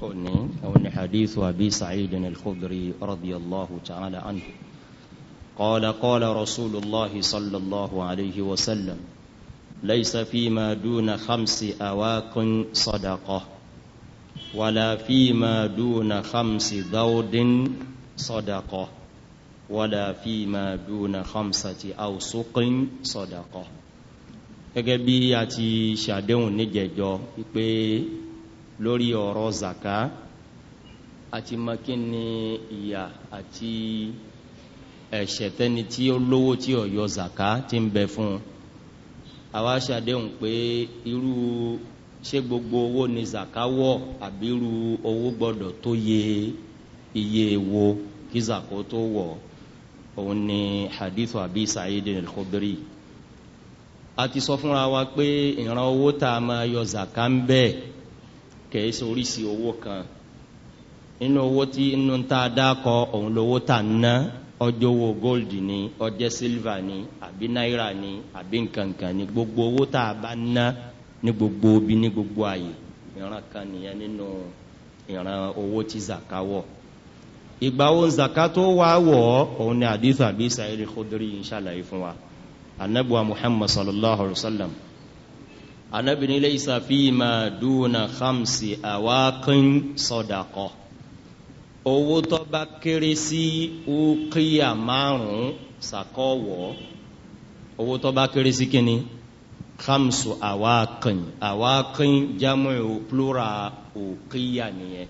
òní òun ni hadith abi sa'id al-khudri radiyallahu ta'ala anhu قال قال رسول الله صلى الله عليه وسلم ليس فيما دون خمس أواق صدقة ولا فيما دون خمس ذود صدقة ولا فيما دون خمسة أوسق صدقة gẹ́gẹ́ bí a ti ṣàdéhùn níjẹ̀jọ́ pé lórí ọ̀rọ̀ zaka àti makíni ìyà àti ẹ̀ṣẹ̀ tẹ́ni tí ó lówó tí ó yọ zaka ti ń bẹ fún un àwa ṣàdéhùn pé irú ṣé gbogbo owó ni zaka wọ̀ àbí irú owó gbọ́dọ̀ tó yẹ iye wo kí zaka tó wọ̀ òun ni hadithu abi sa'id al-khudri a ti sọ fúnra wa pé ìran owó tá a máa yọ zaka ń bẹ́ẹ̀ kìí ṣe oríṣi owó kan inú owó tí inú ta dákọ òun lówó tà ná ọjọ́ owó gold ni ọjẹ́ silver ni àbí náírà ni àbí nkankan ni gbogbo owó tá a bá ná ní gbogbo obi ní gbogbo ààyè ìran kan nìyẹn nínú ìran owó tí zaka wọ̀ ìgbà wo zaka tó wà wọ̀ òun ni àdìsọ àbí sàyẹ́lì khodri ń ṣàlàyé fún wa anabuwa muhammad sallallahu alayhi wa sallam anábìnrin laysa fima duna khamsi awaqin sadaqa owó tó bá kéré sí ukiya márùn-ún sàkọ́wọ́ owó tó bá kéré sí kíni khamsu awaqin awaqin jamu plural ukiya nìyẹn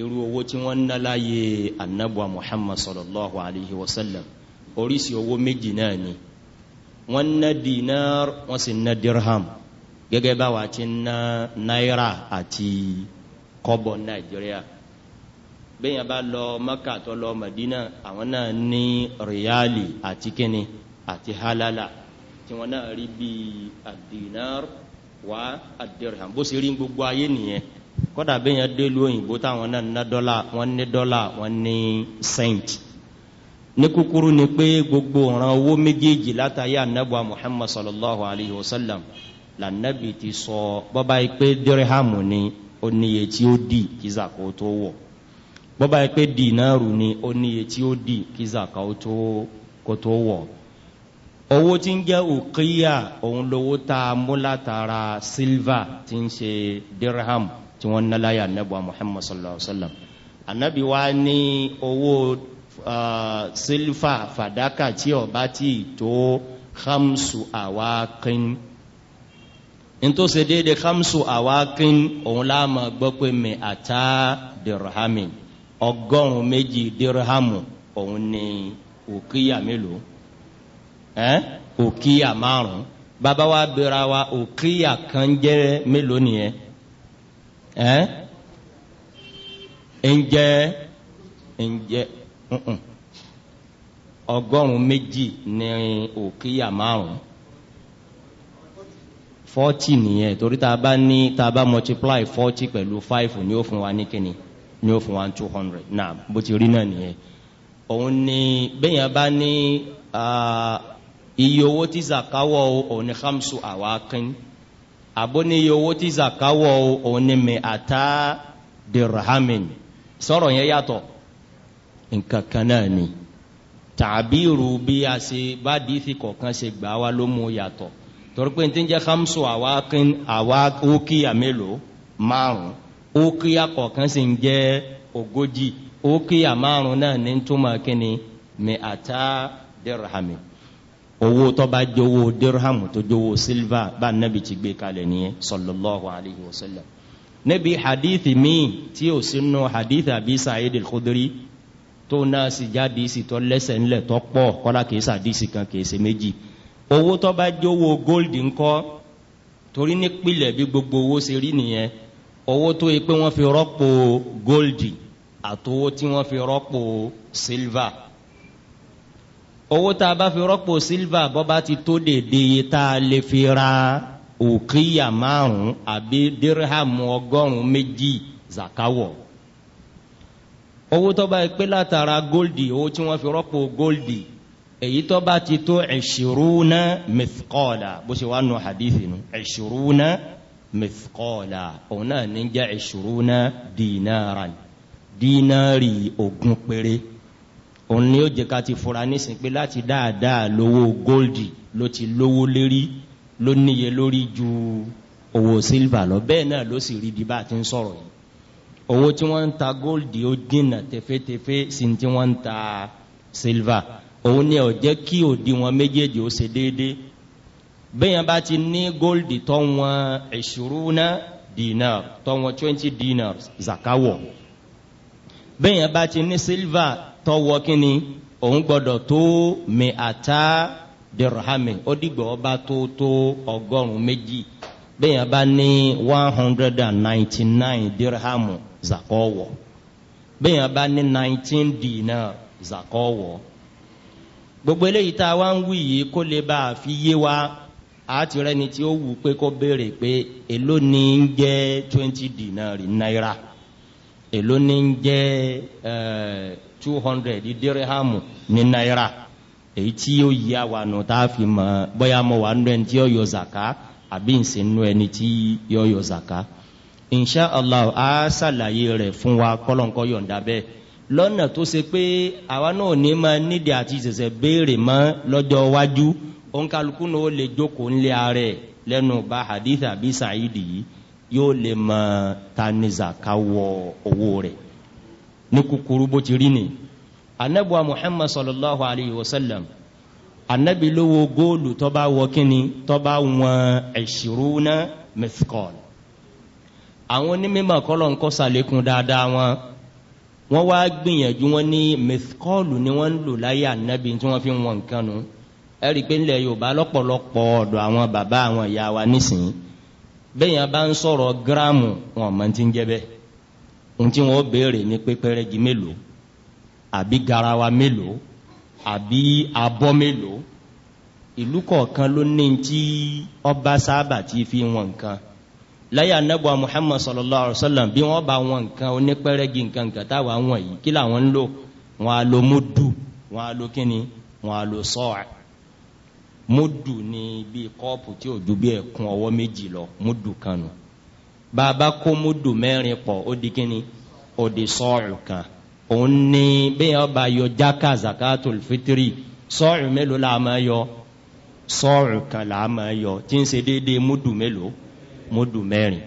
irú owó tí wọ́n ń ná láyé annabuwa muhammad sallallahu alaihi wasallam oríṣi owó méjì náà ni wọ́n ná dinar wọ́n sì ná dirham gẹ́gẹ́ báwa ti ń ná náírà àti kọ́bọ̀ nàìjíríà bẹ́yìn bá lọ mọ́kà tó lọ mọ̀dínà àwọn náà ní ríálì àti kíni àti hálálà tí wọ́n náà rí bí àdínáàr wá àdírhàm bó sì rí gbogbo ayé nìyẹn kọ́dà bẹ́yìn délu òyìnbó táwọn náà ná dọ́là wọ́n ní dọ́là wọ́n ní saint ní kúkúrú ni pé gbogbo ọ̀ràn owó méjèèjì látàrí ànábọ̀ muhammad sallallahu alayhi wa sallam lànàbì ti sọ bọ́bá yìí pé dírẹ́hàmù ni ó níye tí ó dì kí zàkó tó wọ̀ bọ́bá yìí pé dìnàrù ni ó níye tí ó dì kí tó wọ̀ owó tí ń jẹ́ òkèèyà òun lówó tá a sílvà tí ń ṣe dirham tí wọ́n ná láyà nẹ́bù muhammad sallallahu alayhi wa sallam anabi wa ní owó sílvà fàdákà tí ọba tí tó hamsu awakin nítorí se déédéé hamsu awakin òun láàmà gbọ́ mi àtà dirhami ọgọ́rùn-ún méjì dirhamu òun ni òkìyà mélòó ẹ òkìyà márùn bàbá wa bẹ̀rẹ̀ wa òkìyà kan jẹ́ mélòó nìyẹn ẹ ń jẹ́ ń jẹ́ ọgọ́rùn-ún méjì ní òkìyà márùn-ún forty nìyẹn torí tá a bá ní tá bá multiply forty pẹ̀lú five ni ó fún wa ní kíni ni ó fún wa two hundred náà bó ti rí náà nìyẹn òun ni bẹ́yẹn bá ní iye owó tí zakawọ òun ni hamsu awakin àbó ní iye owó tí zakawọ òun ni mi ata dirhamin sọ̀rọ̀ yẹn yàtọ̀ nǹkan kan náà ni tàbí irú bí a ṣe bá dìísì kọ̀ọ̀kan ṣe gbà wá ló mú yàtọ̀ torí pé tí ń jẹ́ hamsu àwákin àwákókíyà mélòó márùn ókíyà kọ̀ọ̀kan sì ń jẹ́ ogójì ókíyà márùn náà ní túmọ̀ kíni mi àtà dirhami owó tó bá jówó dirhamu tó jówó silva bá nabi ti gbé kalẹ̀ nìyẹn sallallahu alayhi wa sallam níbi hadithi míì tí ò sínú hadithi àbí sa'id al-khudri tó náà sì jáde sí tó lẹ́sẹ̀ ńlẹ̀ tó pọ̀ kọ́lá kìí sàdísì kan kìí ṣe méjì owó tó bá jówó gold ńkọ́ torí nípìnlẹ̀ bí gbogbo owó ṣe rí nìyẹn owó tó yẹ pé wọ́n fi rọ́pò gold àtowó tí wọ́n fi rọ́pò silver owó tá a bá fi rọ́pò silver bọ́ bá ti tó déédéé tá a lè fi ra òkìyà márùn-ún àbí dírhàmù ọgọ́rùn-ún méjì zakawọ̀ owó tó bá yẹ pé látara gold owó tí wọ́n fi rọ́pò gold èyí tó bá ti tó ẹ̀ṣìrúnà mẹ́fìkọ́ọ̀lá bó ṣe wá nù hadithi nù ẹ̀ṣìrúnà mẹ́fìkọ́ọ̀lá òun náà ní jẹ́ ẹ̀ṣìrúnà dínáràn dínárì ogun péré òun ni ó jẹ́ ká ti fura nísìn pé láti dáadáa lówó góòlì ló ti lówó lérí ló níye lórí ju owó sílvà lọ bẹ́ẹ̀ náà ló sì rí bí bá ti ń sọ̀rọ̀ yìí owó tí wọ́n ń ta góòlì ó dínà tẹfẹ́tẹfẹ́ sí ti wọ́n ń ta sílvà. òun ni ọ̀ jẹ́ kí òdiwọ̀n méjèèjì ó ṣe déédéé bẹ́yàn bá ti ní góòlì tó wọn ìṣúrúná dinar tó wọn twenty dinars bá ti ní sílvà tó wọ kíni òun tó dirhami ó dìgbà ọba tó tó ọgọ́rùn méjì bẹ́yàn bá ní one hundred and ninety nine dirhamu bá ní nineteen dinar zakawọ̀ gbogbo eléyìí tá a wá ń wí yìí kó lè bá a fi yé wa àti rẹni tí ó wù pé kó béèrè pé èló ni ń jẹ́ twenty dinari náírà èló ni ń jẹ́ two hundred dirhamu ní náírà èyí tí yóò yí àwa nù tá a fi mọ bóyá mo wà nù ẹni tí yóò yọ zaka àbí nsìn nù ẹni tí yóò yọ zaka insha a ṣàlàyé rẹ̀ fún wa kọ́lọ́nkọ́ yọ̀ǹda bẹ́ẹ̀ lọ́nà tó ṣe pé àwa náà ní máa nídìí àti ìṣẹ̀ṣẹ̀ béèrè mọ́ lọ́jọ́ iwájú ònkálukú náà ó lè jókòó ńlẹ̀ ààrẹ lẹ́nu bá hadith àbí sàyídì yìí yóò lè mọ taniza ká owó rẹ̀ ní kúkúrú bó ti rí ni anabuwa muhammad sallallahu alayhi wa sallam anabi lówó góòlù tọ́ba wọ kíni tọ́ba wọn ẹ̀ṣirúnà mẹ́fíkọ́l àwọn onímọ̀ kọ́lọ̀ ń kọ́ sàlékún dáadáa wọn wọ́n wá gbìyànjú wọn ní mẹ́síkọ́ọ̀lù ni wọ́n ń lò láyé ànábì tí wọ́n fi ń wọ̀n nǹkan nù ẹ̀rí pé ńlẹ̀ yorùbá lọ́pọ̀lọpọ̀ ọ̀dọ̀ àwọn bàbá àwọn ìyá wa nísìnyí bẹ́yàn bá ń sọ̀rọ̀ gíráàmù wọn mọ̀ ti ń jẹ́ bẹ́ẹ̀ ohun tí wọ́n béèrè ní pé pẹ́rẹ́gì mélòó àbí garawa mélòó àbí abọ́ mélòó ìlú kọ̀ọ̀kan ló ní ti ọba sábà ti fi wọn nǹkan láyé anábọ̀ muhammad sallallahu alaihi wa sallam bí wọ́n bá wọn nǹkan onípẹ́rẹ́gì nǹkan nǹkan táwa wọn yìí kí làwọn ń lò wọn a lo mudu wọn a lo kíni wọn a lo sọ́ọ̀ mudu ni bí kọ́ọ̀pù tí ò ju bí ẹ̀kún ọwọ́ méjì lọ mudu kan nù bàbá kó mudu mẹ́rin pọ̀ ó di kíni ó di sọ́ọ̀rù kan òun ni bẹ́ẹ̀ ọba yọ jáka zakatul fitiri sọ́ọ̀rù mélòó la máa yọ sọ́ọ̀rù kan la máa yọ tí ń ṣe déédéé mudu mélòó múdù mẹ́rin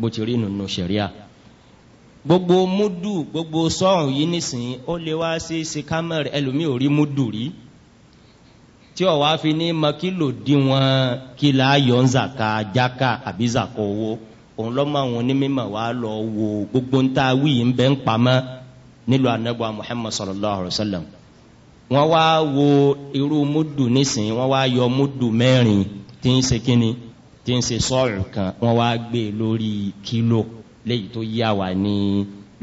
bó ti rí nùnú sẹ̀ríà gbogbo múdù gbogbo sọ́ọ̀hún yìí nísìnyí ó lè wá sí sikámẹ́rì ẹlòmíì ò rí múdù rí tí ọ̀ wá fi ní mọ kílò díwọ̀n kílà ayọ̀ ń zàkà jákà àbí zàkà owó òun lọ́mọ àwọn onímọ̀ wa lọ wo gbogbo ń ta wíyì ń bẹ́ ń pamọ́ nílùú anagba muhammad sallallahu alayhi wa sallam wọ́n wá wo irú múdù nísìnyí wọ́n wá yọ múdù mẹ́rin tí ń ṣe kínni tí ń ṣe sọ́ọ̀rù kan wọ́n wá gbé e lórí kílò léyìí tó yá wa ní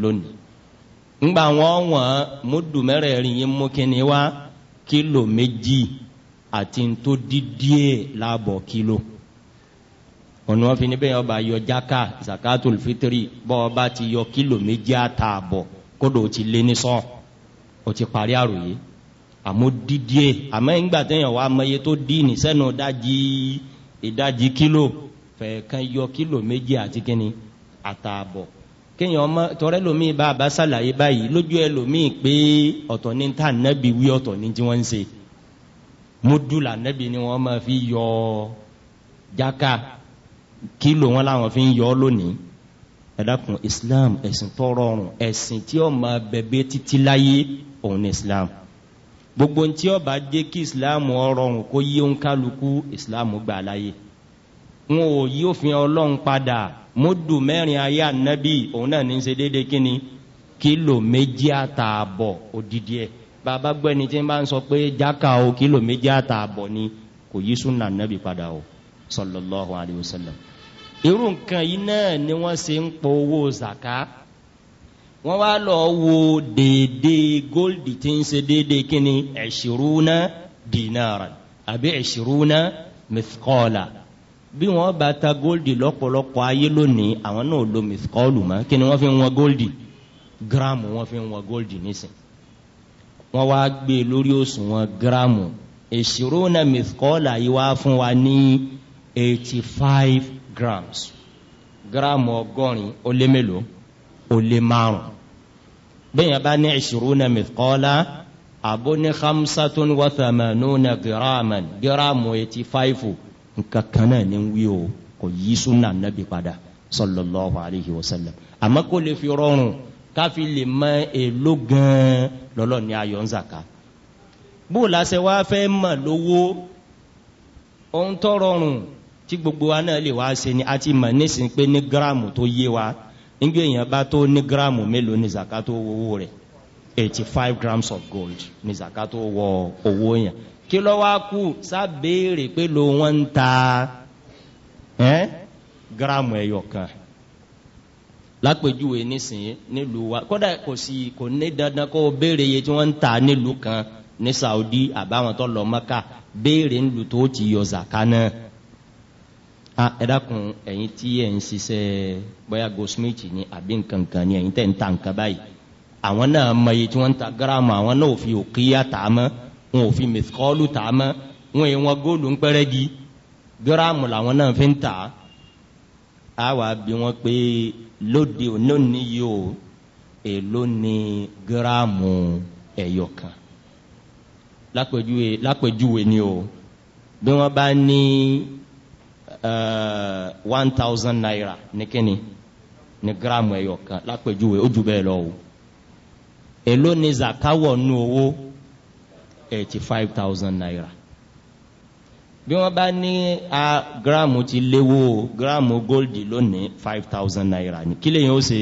lónìí ńgbà wọn wọn múdù mẹ́rẹ̀ẹ̀rin yín mú kíni wá kílò méjì àti tó dídí ẹ̀ láàbọ̀ kílò ọ̀nà wọn fi ní bẹ́ẹ̀ ọba yọ jáká zakatul fitiri bọ́ ọba ti yọ kílò méjì àtààbọ̀ kódò ti lé ní sọ́ọ̀ ó ti parí àròyé àmọ́ dídí ẹ̀ àmọ́ ńgbà téèyàn wá mọ iye tó dí ní sẹ́nu dájí ìdajì kílò fẹ̀ẹ̀kan yọ kílò méjì àti kíni àtààbọ̀ kéèyàn ọmọ tọrẹ lomi bá a bá ṣàlàyé báyìí lójú ẹ lomi pé ọ̀tọ̀ ní ta nẹ́bi wí ọ̀tọ̀ ní tí wọ́n ń ṣe mudula nẹ́bi ni wọ́n máa fi yọ jaka kílò wọn làwọn fi ń yọ lónìí ẹ Islam ẹ̀sìn tọrọrùn ẹ̀sìn tí ó máa bẹ̀bẹ̀ títí láyé òun ni Islam gbogbo ntí ọba dé kí islam ọrọrùn kó yí ó ń kálukú islam gbà láyè wọn ò yí òfin ọlọ́run padà mọ́dù mẹ́rin ayé ànábì òun náà ní í ṣe déédéé kí ni kílò méjì àtààbọ̀ òdìdí ẹ̀ bàbá gbẹ́ni tí ń bá ń sọ pé jáka o kílò méjì àtààbọ̀ ni kò yí súnà ànábì padà o sọlọ́lọ́hu alayhi irú nǹkan yìí náà ni wọ́n ṣe ń po owó zaka wọ́n wá lọ wo déédéé góòlì tí ń ṣe déédéé kíni ẹ̀ṣirúnà dínàrà àbí ẹ̀ṣirúnà mìsíkọ́ọ̀là bí wọ́n bá ta góòlì lọ́pọ̀lọpọ̀ ayé lónìí àwọn náà lo mìsíkọ́ọ̀lù mọ́ kíni wọ́n fi ń wọn góòlì gíráàmù wọ́n fi ń wọn góòlì nísìn wọ́n wá gbé lórí òṣùwọ̀n gíráàmù ẹ̀ṣirúnà mìsíkọ́ọ̀là yìí wá fún wa ní eighty five grams gíráàmù ọgọ́rin ó lé mélòó ó lé márùn bẹ́yàn bá ní ìṣirúnà mìkọ́lá àbó ní hamsatun wathamanuna gíráàmù gíráàmù etí fáìfù nǹkan kan náà ní wí o kò yí súnà nábì padà sallallahu alayhi wa sallam àmọ́ kó lè fi rọrùn káfí lè mọ èlò gan-an lọ́lọ́ ní ayọ̀ ń zàká bó lásẹ̀ wá fẹ́ mọ̀ lówó ohun tó rọrùn tí gbogbo wa náà lè wá ṣe ni a ti mọ̀ nísìnyí pé ní gíráàmù tó yé wa nígbà èèyàn bá tó ní gíráàmù mélòó ní zakato owó rẹ̀ eighty five grams of gold ní zakato wọ owó yẹn kí ló wá kú sábẹ́ẹ̀rẹ̀ pé ló wọ́n ń ta ẹ́ gíráàmù ẹ̀yọ̀ kan lápèjúwe nísìnyí nílùú wa kódà kò sí kò ní dandan kó béèrè iye tí wọ́n ń ta nílùú kan ní saudi àbáwọn tó lọ mọ́kà béèrè ńlù tó ti yọ zaka náà ah ẹ̀dàkùn ẹ̀yin tí ẹ̀ ń ṣiṣẹ́ bóyá goldsmith ni àbí nǹkan kan ni ẹ̀yin tẹ̀ ń ta nǹkan báyìí àwọn náà mọ iye tí wọ́n ń ta gíráàmù àwọn náà ò fi òkìyà tà á mọ́ wọn ò fi mẹsikọ́ọ̀lù tà á mọ́ wọn èèyàn góòlù ń pẹ́rẹ́gì gíráàmù làwọn náà fi ń tà á á bí wọn pé lóde òní yìí o èló ni gíráàmù ẹ̀yọ̀ kan lápèjúwe ni o bí wọ́n bá ní. Uh, one thousand naira ní kíni ní gíráàmù ẹyọ kan lápèjúwe ó ju bẹ́ẹ̀ lọ o èló ni zakawọ̀ nú owó eighty five thousand naira bí wọ́n bá ní a gíráàmù ti léwó gíráàmù góòlì lónìí five thousand naira ni kí lèyìn ó ṣe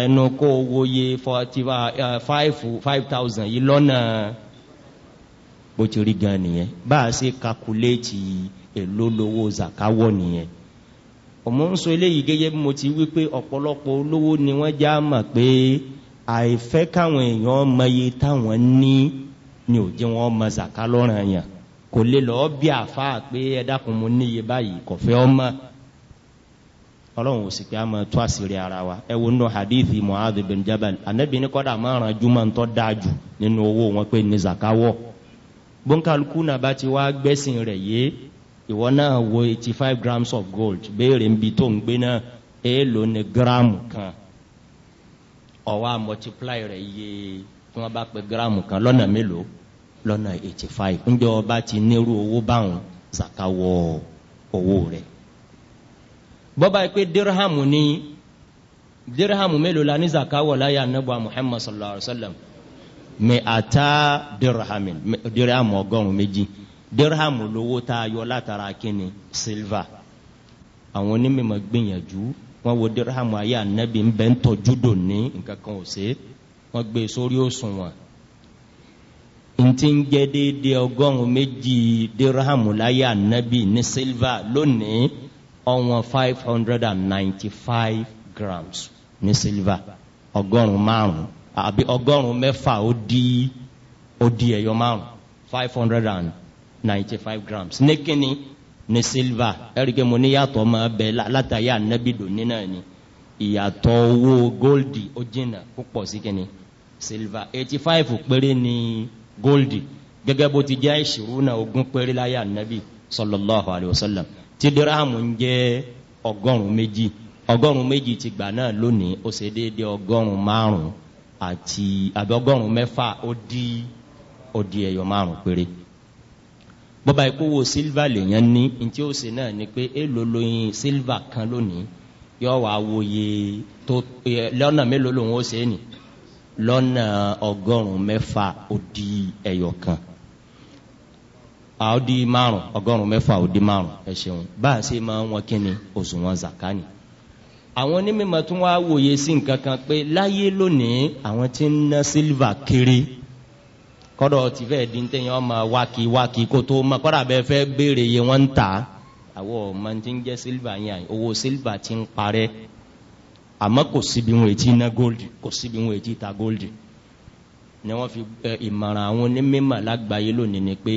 ẹnu kó owó yé forty uh, five five thousand yìí lọ́nà bó ti rí gan nìyẹn bá a ṣe kakuléètì yìí èló lowó zakawọ nìyẹn ọmọ ń sọ eléyìí gẹ́gẹ́ bí mo ti wí pé ọ̀pọ̀lọpọ̀ olówó ni wọ́n já mọ̀ pé àìfẹ́ káwọn èèyàn mọye táwọn ní ni ò jẹ́ wọn mọ zaka lọ́ràn yẹn kò lè lọ́ọ́ bí àfáà pé ẹ dákun mo níye báyìí kò fẹ́ ọmọ ọlọ́run ò sì pé a máa tó àṣírí ara wa ẹ wo nínú hadithi muhammed bin jabal anabi kọ́dà máa ràn juma ń tọ́ dáa jù nínú owó wọn pé ní zaka wọ̀ bóńkálukú ti wá gbẹ́sìn rẹ̀ yé ìwọ náà wo eighty five grams of gold béèrè ń bi tó ń gbé náà èèlò ní gíráàmù kan ọwọ́ a multiply rẹ̀ iye tí wọ́n bá pe gíráàmù kan lọ́nà mélòó lọ́nà eighty five ńjẹ́ ọba ti nírú owó báwọn zaka wọ owó rẹ̀ bọ́ba yìí pé dirhamu ní dirhamu mélòó la ní zaka láyé anabu muhammad sallallahu alayhi wa sallam mi ata dirhamu ọgọ́rùn-ún méjì. Dirham lówó tá a yọ látara kíni silva àwọn onímọ̀ gbìyànjú wọ́n wo dirhamu ayé anabi ń bẹ́ ń tọ́jú dòní nǹkan kan ò sí wọ́n gbé e sórí òṣùwọ̀n ntí ń jẹ́ déédéé ọgọ́rùn méjì dirhamu láyé anabi ní silva lónìí ọ̀wọ́n five hundred and ninety-five grams ní silva ọgọ́rùn-ún márùn-ún àbí ọgọ́rùn-ún mẹ́fà ó di ó di ẹ̀yọ márùn five hundred and ninety five grams ní kíni ní silver ẹ̀ríkẹ́ mo ní yàtọ̀ máa bẹ látàrí ànábì dòní náà ni ìyàtọ̀ owó gold ó jìnnà púpọ̀ sí kíni silver eighty five péré ni goldi gẹ́gẹ́ bó ti jẹ́ ìṣirò náà ogún péré láyé ànábì sallallahu alayhi wa sallam tí dírámù ń jẹ́ ọgọ́rùn-ún méjì ọgọ́rùn-ún méjì ti gbà náà lónìí ó ṣe déédéé ọgọ́rùn-ún márùn-ún àti àbí ọgọ́rùn-ún di ó di ẹyọ márùn-ún bọ́ba ìkówó silva lèèyàn ní ntí ó ṣe náà ni pé èèlò lóyin silva kan lónìí yóò wá wòye tó lọ́nà mélòó lòun ó ṣe é nì lọ́nà ọgọ́rùn-ún mẹ́fà ó di ẹyọ kan ó di márùn ọgọ́rùn-ún mẹ́fà ó di márùn ẹ ṣeun bá a ṣe máa wọn kí ni òṣùwọ̀n zakani àwọn onímọ̀ tún wá wòye sí nǹkan kan pé láyé lónìí àwọn tí ń ná silva kiri kọ́dọ̀ ti fẹ́ di tẹ́yìn ọmọ wákì wákì kó tó mọ kọ́dà bẹ́ẹ̀ fẹ́ béèrè yẹ wọ́n ń tà á àwọ̀ ọmọ tí yẹn owó sílvà ti ń parẹ́ àmọ́ kò síbi wọn ètí iná góòlì kò síbi wọn ètí ta góòlì ni wọ́n fi ìmọ̀ràn àwọn onímọ̀ lágbàáyé lónìí ni pé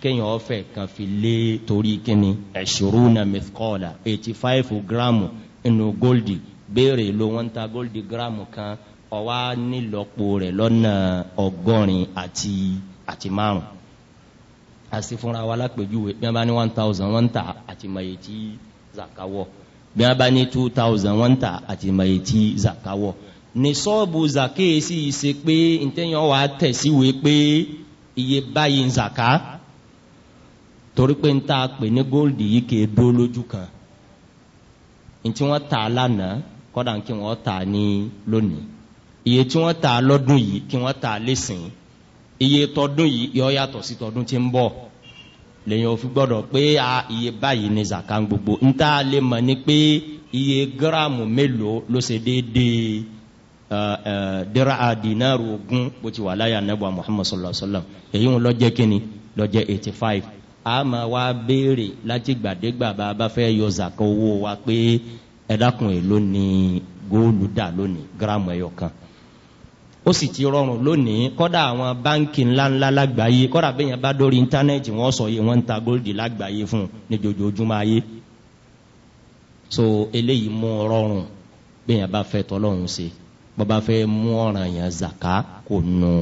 kéèyàn ọ̀fẹ́ kan fi lé torí kíni ẹ̀ṣòro na mithkola eighty five gramu inú góòlì béèrè ló wọ́n ń ta góòlì gíráàmù kan ọwá nílọ́po rẹ̀ lọ́nà ọgọ́rin àti àti márùn àti fúnra wa lápèjúwe bí wọ́n bá ní one thousand wọ́n ń tà àti mọ̀ye tí zakawọ̀ bí wọ́n bá ní two thousand wọ́n ń tà àti mọ̀ye tí zakawọ̀ ní sọ́ọ̀bù zàkéyèsí ṣe pé ntẹ́yìn wa tẹ̀síwé pé iye báyìí ń zàká torí pé ń ta pè ní góòlù yìí kì í dó lójú kan ntí wọ́n tà lánàá kọ́dà kí wọ́n tà ní lónìí iye tí wọ́n ta lọ́dún yìí kí wọ́n ta lẹ́sìn iye tọdún yìí yọ yàtọ̀ sí tọdún tí ń bọ̀ lẹ́yìn òfin gbọ́dọ̀ pé a iye báyìí ni zaka ń gbogbo ń tá a lè mọ̀ ni pé iye gíráàmù mélòó ló ṣe déédéé dira dinaru ogun bó ti wà láyà nebo muhammad sallallahu alaihi wa sallam èyí ń lọ́jẹ́ kínní lọ́jẹ́ eighty five a máa wá béèrè láti gbàdégbà bá a bá fẹ́ yọ zaka owó wa pé ẹ̀dákùn èlò ni góòlù dà lónìí gíráàmù ẹ̀yọ̀ kan ó sì ti rọrùn lónìí kọ́dà àwọn báńkì ńláńlá lágbàáyé kọ́dà bẹ́yẹn bá dórí íńtánẹ́ẹ̀tì wọ́n sọ yìí wọ́n ń ta góòlì lágbàáyé fún ní jojoojúmọ́ ayé so eléyìí mú rọrùn bẹ́yẹn bá fẹ́ tọ́lọ́run ṣe bàbá fẹ́ mú ọ̀ràn yẹn zàká kò nù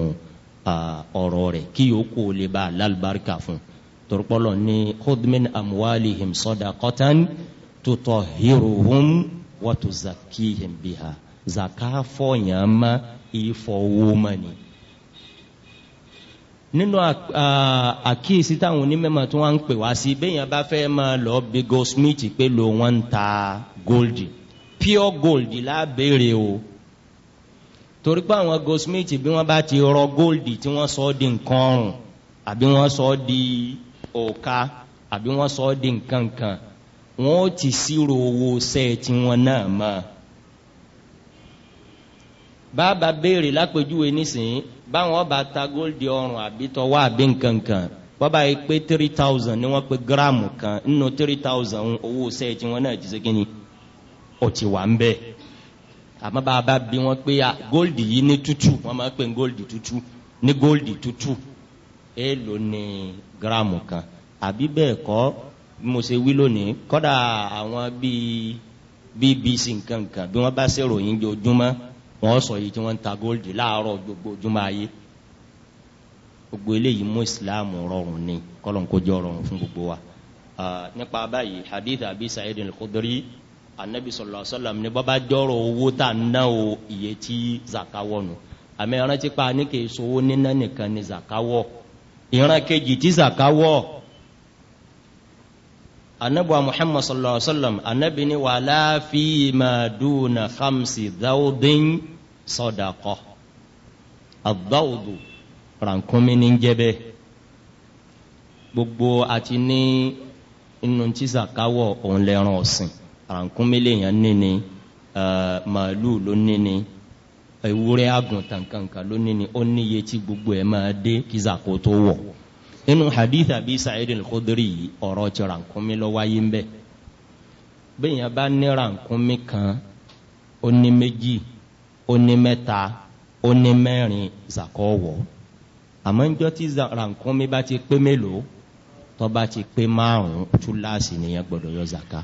ọ̀rọ̀ rẹ̀ kí yòókù lè bá lálùbáríkà fún torípọ́lọ́ ní hudmin amuwalihim sọ́dà kọ́tán tutọ̀ hiruhum wàtúzàkìhìm bìhà zàká fọ̀yàn máa ìfọ̀wọ́mọ̀ ni nínú àkíyèsí táwọn onímọ̀ tí wọ́n ń pè wá sí béèyàn bá fẹ́ máa lọ bí goldsmith pé lo wọ́n ń ta gold pure gold lábẹ́rẹ́ o torí pé àwọn goldsmith bí wọ́n bá ti rọ gold tí wọ́n sọ ọ́ di nǹkan ọ̀rùn àbí wọ́n sọ ọ́ di òka àbí wọ́n sọ ọ́ di nǹkan kan wọ́n ti sírò owó sẹ́ẹ̀ tí wọ́n náà máa bàbá béèrè lápèjúwe nísìnyí báwọn ọba ta góòlì ọrùn àbí tọwọ́ àbí nkankan bọ́bá yìí pé three thousand ni wọ́n pe gíráàmù kan nínú three thousand owó sẹ́yìn tí náà ti segin ni ó ti wà ń bẹ́ẹ̀ àmọ́ bàbá bí wọ́n pé góòlì yìí ní tútù wọ́n máa ń pè góòlì tútù ní góòlì tútù èèlò ní gíráàmù kan àbí bẹ́ẹ̀ kọ́ mo ṣe wí lónìí kọ́dà àwọn bíi bbc nkankan bí wọ́n bá ṣèròyìn jojúmọ́ wọ́n sọ yìí tí wọ́n ń ta gold láàárọ̀ gbogbo ojúmọ́ ayé gbogbo eléyìí mú islam rọrùn ni kọ́lọ́n kó jọ rọrùn fún gbogbo wa. nípa báyìí hadith abi sa'id al-khudri anabi sallallahu alaihi wasallam ní bàbá jọrọ owó tá a ná o iye tí zakawọ nù àmì ìrántí pa ní kì í sowó níná nìkan ni zakawọ ìran kejì tí zakawọ anabi wa muhammad sallallahu alaihi wasallam anabi ni wàhálà fi ma dùn na sọdakọ agbáwòdù rànkúnmí ní jẹbẹ gbogbo àti ní inú tí zakawọ òun lẹran ọsìn rànkúnmí lèèyàn níní eh, màálù ló níní ewúrẹ́ àgùntàn kankan ló níní ó níye tí gbogbo ẹ̀ máa dé kí zako tó wọ̀ nínú hadith àbí sa'id al-khudri ọ̀rọ̀ ti rànkúnmí lọ wáyé ń bẹ́ẹ̀ yẹn bá ní rànkúnmí kan ó ní méjì ó ní mẹ́ta ó ní mẹ́rin zakọ wọ̀ àmọ́ ń jọ́ tí rànkún mi bá ti pé mélòó tó bá ti pé márùn-ún túláàsì nìyẹn gbọ́dọ̀ yọ zaka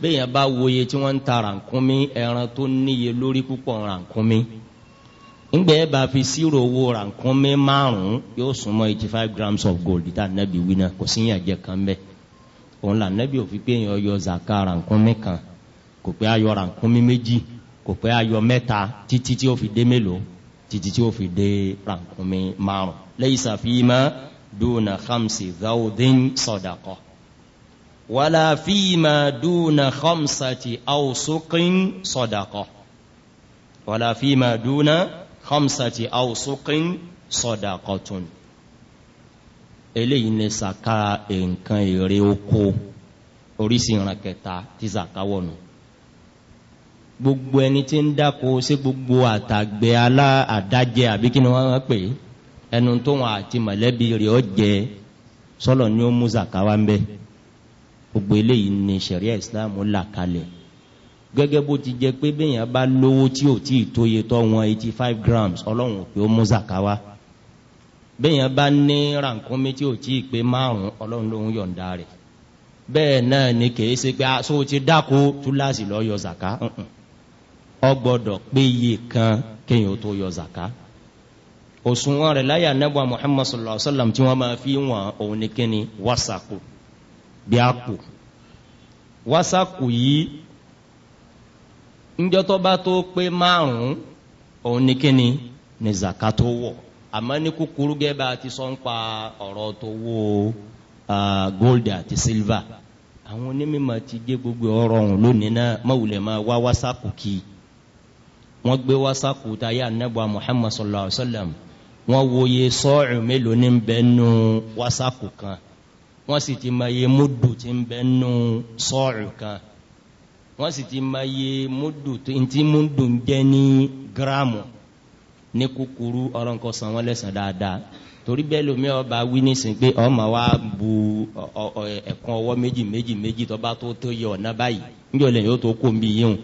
béèyàn bá wòye tí wọ́n ń ta rànkún mi ẹran tó níye lórí púpọ̀ rànkún mi ngbẹ́ bá fi sírò owó rànkún mi márùn-ún yóò súnmọ́ eighty five grams of gold tá nẹ́bi wí náà kò síyàn jẹ kan bẹ́ẹ̀ òun là nẹ́bi òfin pé èèyàn yọ zaka rànkún mi kan kò pé ayọ rànkún mi méjì kò pé ayọ mẹ́ta títí tí ó fi dé mélòó títí tí ó fi dé rànkúnmí márùn lẹ́yìn sàfihàn dúnà hamsi gaudin sọdakọ wàlá fíìmà dúnà hamsati ausukin sọdakọ wàlá fíìmà dúnà hamsati ausukin sọdakọ tún eléyìí ni sàká nǹkan èrè oko orísìí ìrànkẹta tí sàká wọnù gbogbo ẹni tí ń dáko sí gbogbo àtàgbẹ̀ alá àdájẹ àbí kí ni wọ́n pè ẹnu tó wọn àti mọ̀lẹ́bí rẹ̀ ọ jẹ sọ́lọ̀ ní ó mú zakawa ń bẹ́ gbogbo eléyìí ni sẹ̀ríà ìsìláàmù là kalẹ̀ gẹ́gẹ́ bó ti jẹ pé bẹ́yàn bá lówó tí ò tí ì tóye tọ́ wọn eighty five grams ọlọ́run pé ó mú zakawa bẹ́yàn bá ní rànkúnmí tí ò tí ì pé márùn-ún ọlọ́run lòún yọ̀ǹda rẹ̀ bẹ́ẹ̀ náà ni kì í pé aṣọ ah, ti dáko túláàsì lọ́ọ́ zaka. Uh -uh ọgbọ́dọ̀ péye kan kéyàn tó yọ zaka òsùnwọ́n rẹ̀ láyà nẹ́bà muhammad sallallahu alaihi tí wọ́n máa fi wọ́n òun ni kíni wásàkù bí a kù wásàkù yìí ńjọ́ bá tó pé márùn-ún òun zaka tó wọ̀ àmọ́ ní kúkúrú ti sọ ń pa ọ̀rọ̀ tó wó gold àti silver àwọn onímọ̀ ti gé gbogbo ọ̀rọ̀ ọ̀hún lónìí náà mọ̀wùlẹ̀ máa wá wásàkù wọ́n gbé wá sákòóta yá nẹ́bọ̀ muhammad sallallahu wọ́n wòye sọ́ọ̀rùn mélòó ní bẹ́ẹ̀nu kan wọ́n sì ti ma ye múdù tí ń bẹ́ẹ̀nu sọ́ọ̀rùn kan wọ́n sì ti ma ye múdù tí múdù ń jẹ́ ní gíráàmù ní kúkúrú san wọ́n lẹ́sàn dáadáa torí bẹ́ẹ̀ lómi ọba wí ma pé ọmọ wa bu ẹ̀kan ọwọ́ méjì méjì méjì tó bá tó tó yẹ ọ̀nà báyìí níjọ́ lẹ́yìn ó tó kó yíhun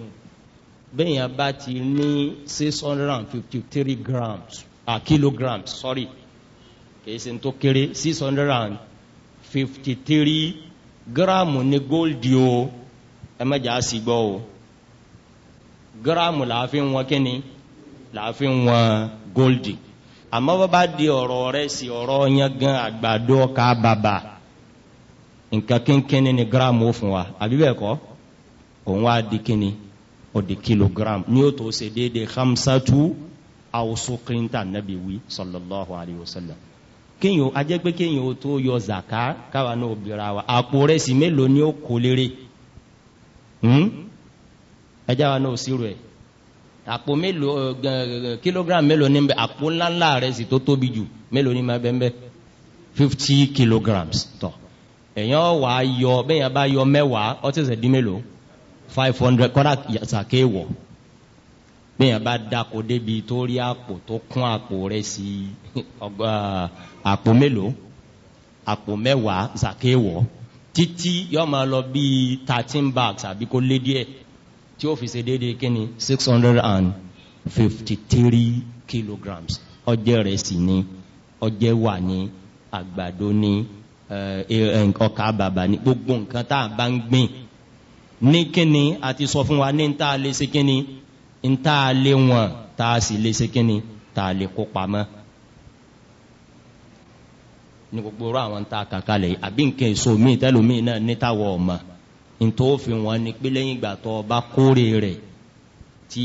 bẹ́yàn bá ti ní six hundred and fifty three grams ah kilograms sorry kìí tó kéré six hundred and fifty three gíráàmù ní góòlì o ẹ má jà á sì gbọ́ o gíráàmù làá fi ń wọn kíni làá wọn góòlì àmọ́ bá di ọ̀rọ̀ rẹ̀ sí ọ̀rọ̀ yẹn gan àgbàdo ọkà bàbà nǹkan kínkínní ni gíráàmù ó fún wa àbí bẹ́ẹ̀ kọ́ òun wá di kíni ó kilogram ní ó tó ṣe déédéé hamsatu awusukinta nabi wi sallallahu alayhi wa sallam kéèyàn ajẹ́ pé kéèyàn ó tó yọ zaka káwa náà bìra wa àpò rẹ̀ sì mélòó ni ó kó lérè hmm? ẹjá wa náà sírò ẹ̀ àpò mélòó eh, kilogram mélòó ní bẹ àpò ńláńlá rẹ̀ sì tó tóbi jù mélòó ma bẹ́ẹ̀ bẹ́ẹ̀ fifty kilograms tọ̀ èèyàn wa á yọ bẹ́ẹ̀ yẹn bá yọ mẹ́wàá ó ti di mélòó five hundred kọ́dà yàtàkẹ́ wọ̀ bẹ́ẹ̀ bá dako débi tó rí àpò tó kún àpò rẹ̀ sí àpò mélòó àpò mẹ́wàá zàkẹ́ wọ̀ títí yọ máa lọ bí thirteen bags àbí kó lé díẹ̀ tí ó fi ṣe déédéé kí ni six hundred and fifty three kilograms ọjẹ́ rẹ̀ sì ni ọjẹ́ wà ní àgbàdo ní eh, eh, ọkà bàbà ní gbogbo nǹkan tá a bá ń gbìn ní kíni àti sọ fún wa ní ń tá a lè ṣe kíni ń tá a lè wọ̀n tá a sì lè ṣe kíni tá a lè kó pamọ́ ní gbogbo ọ̀rọ̀ àwọn tá a kàkà lẹ̀ àbí nǹkan èso míì tẹ́lómi náà nítawọ̀ ọ̀mà ntòfin wọn ni pé lẹ́yìn ìgbà tó ọba kórè rẹ̀ tí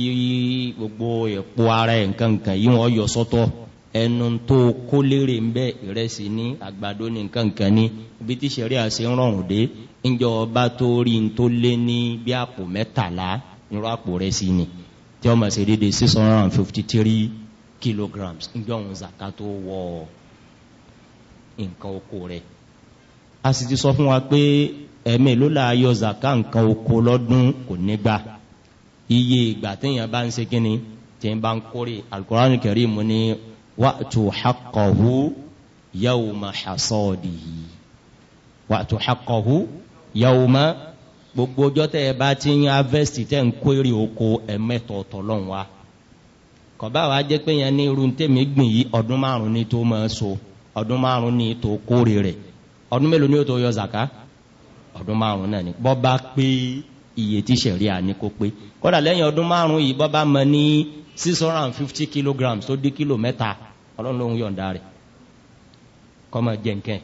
gbogbo èpo ara ẹ̀ nǹkan yìí wọ́n yọ sọ́tọ̀. So ẹnu tó kó lérè ń bẹ́ ìrẹsì ní àgbàdo ní nkankan ní ibi tí sẹ̀rí àṣẹ ń rọrùn dé ńjọ ọba tó rí n tó lé ní bí àpò mẹ́tàlá nírú àpò rẹ̀ sí ni tí wọ́n mọ̀ sí dédé six hundred and kilograms ńjọ òun zaka tó wọ nǹkan oko rẹ̀ a sì ti sọ fún wa pé ẹ̀mí ló la yọ zaka nǹkan oko lọ́dún kò nígbà iye ìgbà téèyàn bá ń ṣe kínni tí bá ń kórè alukóra nìkẹ́rì mu ní. wa'tu haqqahu ha hasadihi wa'tu haqqahu yawma gbogbo ọjọ́ tẹ́ ẹ bá ti ń avẹ́sì tẹ́ ń kórè oko ẹ̀mẹ́tọ̀ọ̀tọ̀ lọ́hùn wa kọ̀bá wa jẹ́ pé yẹn ní irú tèmi gbìn yìí ọdún márùn-ún ní tó máa so ọdún márùn-ún ní tó kórè rẹ̀ ọdún mélòó ní tó yọ zaka ọdún iye tí kó pé kódà lẹ́yìn ọdún márùn-ún yìí six hundred and fifty kilograms tó dé kílò ọlọ́run ló ń yọ̀ǹda rẹ̀ kọ́mọ jẹ̀ǹkẹ́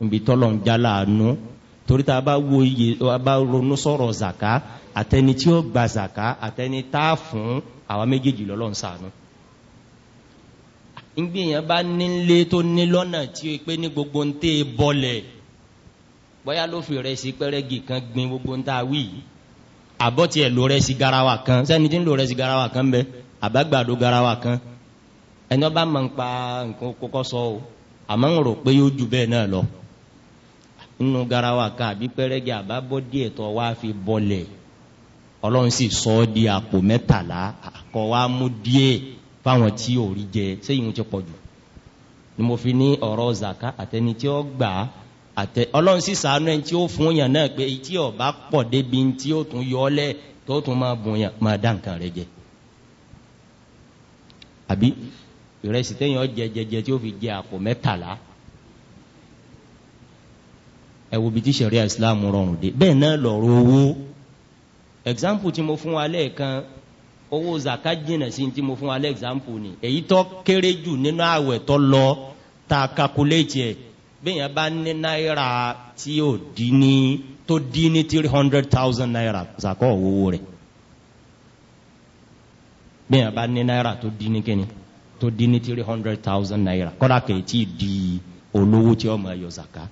níbi tọ́lọ̀ ń já láàánú torí tá a bá wo iye a bá ronú sọ̀rọ̀ zàká àtẹni tí ó gba zàká àtẹni tá a fún àwa méjèèjì lọ́lọ́run sànú. ngbìyàn bá nílé tó ní lọ́nà tí o pé ní gbogbo ń tẹ́ e bọ́lẹ̀ bóyá ló fi rẹ̀ pẹ́rẹ́gì kan gbin gbogbo ń tà wí àbọ̀tì ẹ̀ lò rẹ̀ garawa kan sẹ́ni tí ń lò rẹ̀ garawa kan bẹ́ àbágbàdo garawa kan ẹni ọba mọ̀ ń pa nǹkan kókó sọ o àmọ́ ń rò pé yóò ju bẹ́ẹ̀ náà lọ nínú garawa ká àbí pẹ́rẹ́gì àbábọ́ díẹ̀ tó wá fi bọlẹ̀ ọlọ́run sì sọ ọ́ di àpò mẹ́tàlá àkọ́ wa mú díẹ̀ fáwọn tí ò rí jẹ sẹ́yìn ti pọ̀ jù ni mo fi ní ọ̀rọ̀ zaka àtẹni tí ó gbà á àtẹ ọlọ́run sì sàánú ẹni tí ó fún yàn náà pé tí ọba pọ̀ débi tí ó tún yọ ọ́ lẹ̀ tó tún máa bùn yàn máa dá nǹkan rẹ jẹ àbí ìrẹsì téèyàn jẹ jẹjẹ tí ó fi jẹ àpò mẹ́tàlá ẹ wo bí tí sẹ̀ríà islam rọrùn dé bẹ́ẹ̀ náà lọ̀rọ̀ owó example tí mo fún wa lẹ́ẹ̀kan owó zaka jìnnà sí tí mo fún wa lẹ́ example ni èyí tó kéré jù nínú àwẹ̀ tó lọ ta calculate ẹ̀ bẹ́ẹ̀yàn bá ní náírà tí ò dín ní tó dín ní three hundred thousand naira zaka owó rẹ̀ bẹ́ẹ̀yàn bá ní náírà tó dín ní kíni tó dín ní three hundred thousand naira kọ́dà kì tí di olówó tí ọmọ ẹ̀yọ zaka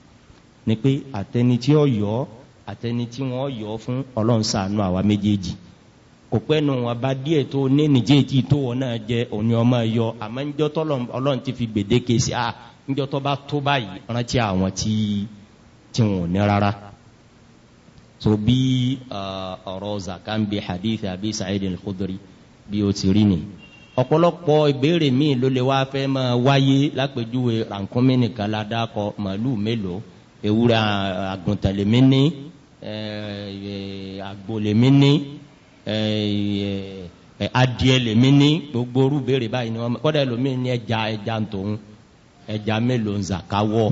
ni pé àtẹni tí ó yọ àtẹni tí wọ́n yọ fún ọlọ́run sànú àwa méjèèjì kò pẹ́ nu wọn bá díẹ̀ tó ní nìjẹ́ẹ̀tì tó wọn náà jẹ òní ọmọ ẹ̀yọ àmọ́ ńjọ́ tó ọlọ́run ti fi gbèdéke sí a ah, ńjọ́ tó bá tó báyìí rántí àwọn tí tí wọn ò ní rárá so bí ah, ọ̀rọ̀ zaka ń bi hadith abi sa'id al-khudri bí o ti rí nìyí ọ̀pọ̀lọpọ̀ ìbéèrè míì ló lè wá fẹ́ máa wáyé lápèjúwe rànkúnmí nìkan la dákọ màálùú mélòó ewúrẹ́ àgùntàn lèmi ní eh, àgbò lèmi ní eh, eh, adìẹ ní gbogbo orú béèrè báyìí ni wọ́n kọ́dà ẹlòmíì ní ẹja ẹja tòun ẹja mélòó ń zàkáwọ́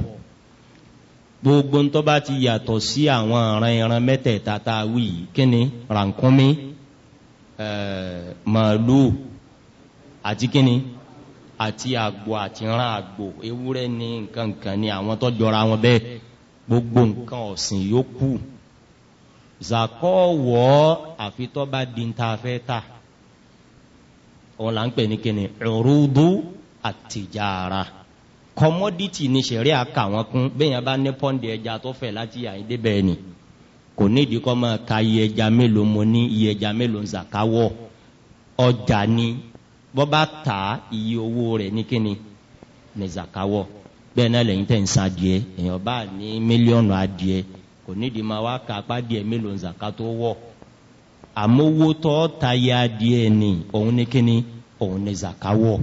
gbogbo ń tọ́ bá ti yàtọ̀ sí àwọn ìran ìran mẹ́tẹ̀ẹ̀ta tá a wí kí ni rànkúnmí màálùú àti kíni àti àgbò àti ran àgbò ewúrẹ́ ní nkankan ni àwọn tó jọra wọn bẹ́ẹ̀ gbogbo nǹkan ọ̀sìn yòókù zakọ́ wọ́ àfitọ́ bá di ta fẹ́ ta òun là ń pè ní kíni ìrúdú àtìjára kọmọdítì ni sẹ̀rí àkà wọn kún bẹ́ẹ̀yàn bá ní pọ́ǹdì ẹja tó fẹ̀ láti àyíndé bẹ́ẹ̀ ni kò nídìí kọ́ máa ka iye ẹja mélòó mo ní iye ẹja mélòó zakawọ́ ọjà ni bọ́ bá ta iye owó rẹ̀ ní kíni ní zakawọ́ bẹ́ẹ̀ náà lẹ́yìn tẹ̀ ń sa adìẹ èèyàn bá ní mílíọ̀nù adìẹ kò nídìí máa wá ka apá adìẹ mélòó zaka tó wọ̀ àmówó tọ́ ta iye adìẹ ni òun ní kíni òun ní zakawọ́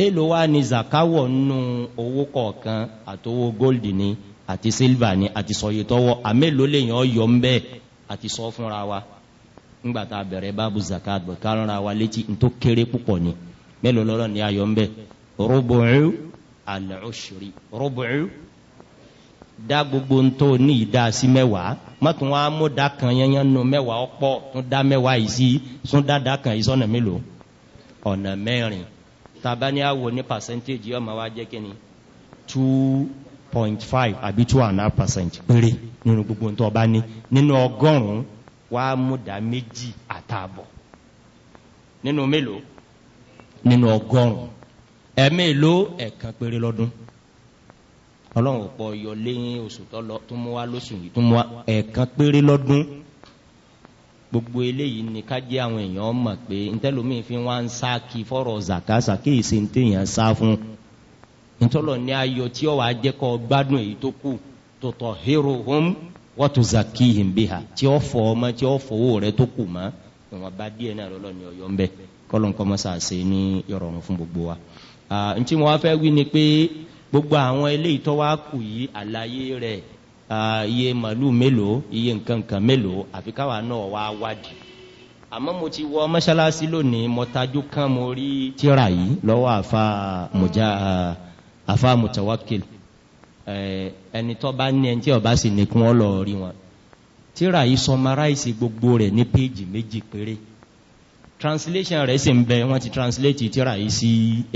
èèlò wa ní zakawọ́ nù owó kọ̀ọ̀kan àtowó gold ni àti silver ni àti sọ̀yẹ̀tọ́wọ́ àmélòó lèèyàn yọ̀ ń bẹ́ẹ̀ àti sọ fúnra wa ńgbàtà bẹ̀rẹ̀ báàbù zakat bọ̀ kárànra wa létí ntó kéré púpọ̀ ni mélòó lọ́rọ̀ ni ayọ̀ ń bẹ̀ rọ́bùrù al-ushri rọ́bùrù dá gbogbo ntó ní ìdá sí mẹ́wàá mọ́tún wa mú dá kan yẹnyẹn nu mẹ́wàá ọ̀pọ̀ tún dá mẹ́wàá yìí sí tún dá dá kan yìí sọ́nà mélòó ọ̀nà mẹ́rin tàbá ní ní pàṣẹ́ntéèjì ọmọ wa jẹ́ kí ni two point five àbí two and a half percent péré nínú gbogbo ntó ọba ní nínú ọgọ́rùn-ún wà á múdà méjì àtààbọ̀ nínú mélòó nínú ọgọ́rùn-ún ẹ̀mélòó ẹ̀kan péré lọ́dún ọlọ́run pọ̀ yọ léyìn oṣù tó mú wá lóṣù yìí tó mú wá ẹ̀kan péré lọ́dún gbogbo eléyìí ni ká jẹ́ àwọn èèyàn mọ̀ pé ntẹ́lómìn fi wá ń sá kí fọ́rọ̀ zakasa kí ń téèyàn sá fún ntọ́lọ̀ ní ayọ̀ tí ó wàá jẹ́ kọ́ gbádùn èyí tó kù tó tọ̀ hero home wa tuzakihim biha tí ó fọ ọmọ tí ó fowó rẹ tó kù mọ́ ìwọ̀n bá díẹ̀ náà lọ́lọ́ ni ọ̀yọ́ ń bẹ̀ kọ́lọ́n kọ́ mọ́sá ṣe ní ìrọ̀rùn fún gbogbo wa. ntí wọn fẹ́ wí ni pé gbogbo àwọn eléyìí tó wá kù yìí àlàyé rẹ̀ iye màlúù mélòó iye nǹkan nǹkan mélòó àfi káwa náà wá wádìí àmọ́ mo ti wọ mọ́ṣáláṣí lónìí mo tajú kan mo rí tíra yìí lọ́wọ́ àfa mùjá ẹni tó bá ní ẹni tí ọba sì ní kún ọ lọ rí wọn tíra yìí sọmaráìsì gbogbo rẹ̀ ní péjì méjì péré translation rẹ̀ sì ń bẹ wọ́n ti translate tíra yìí sí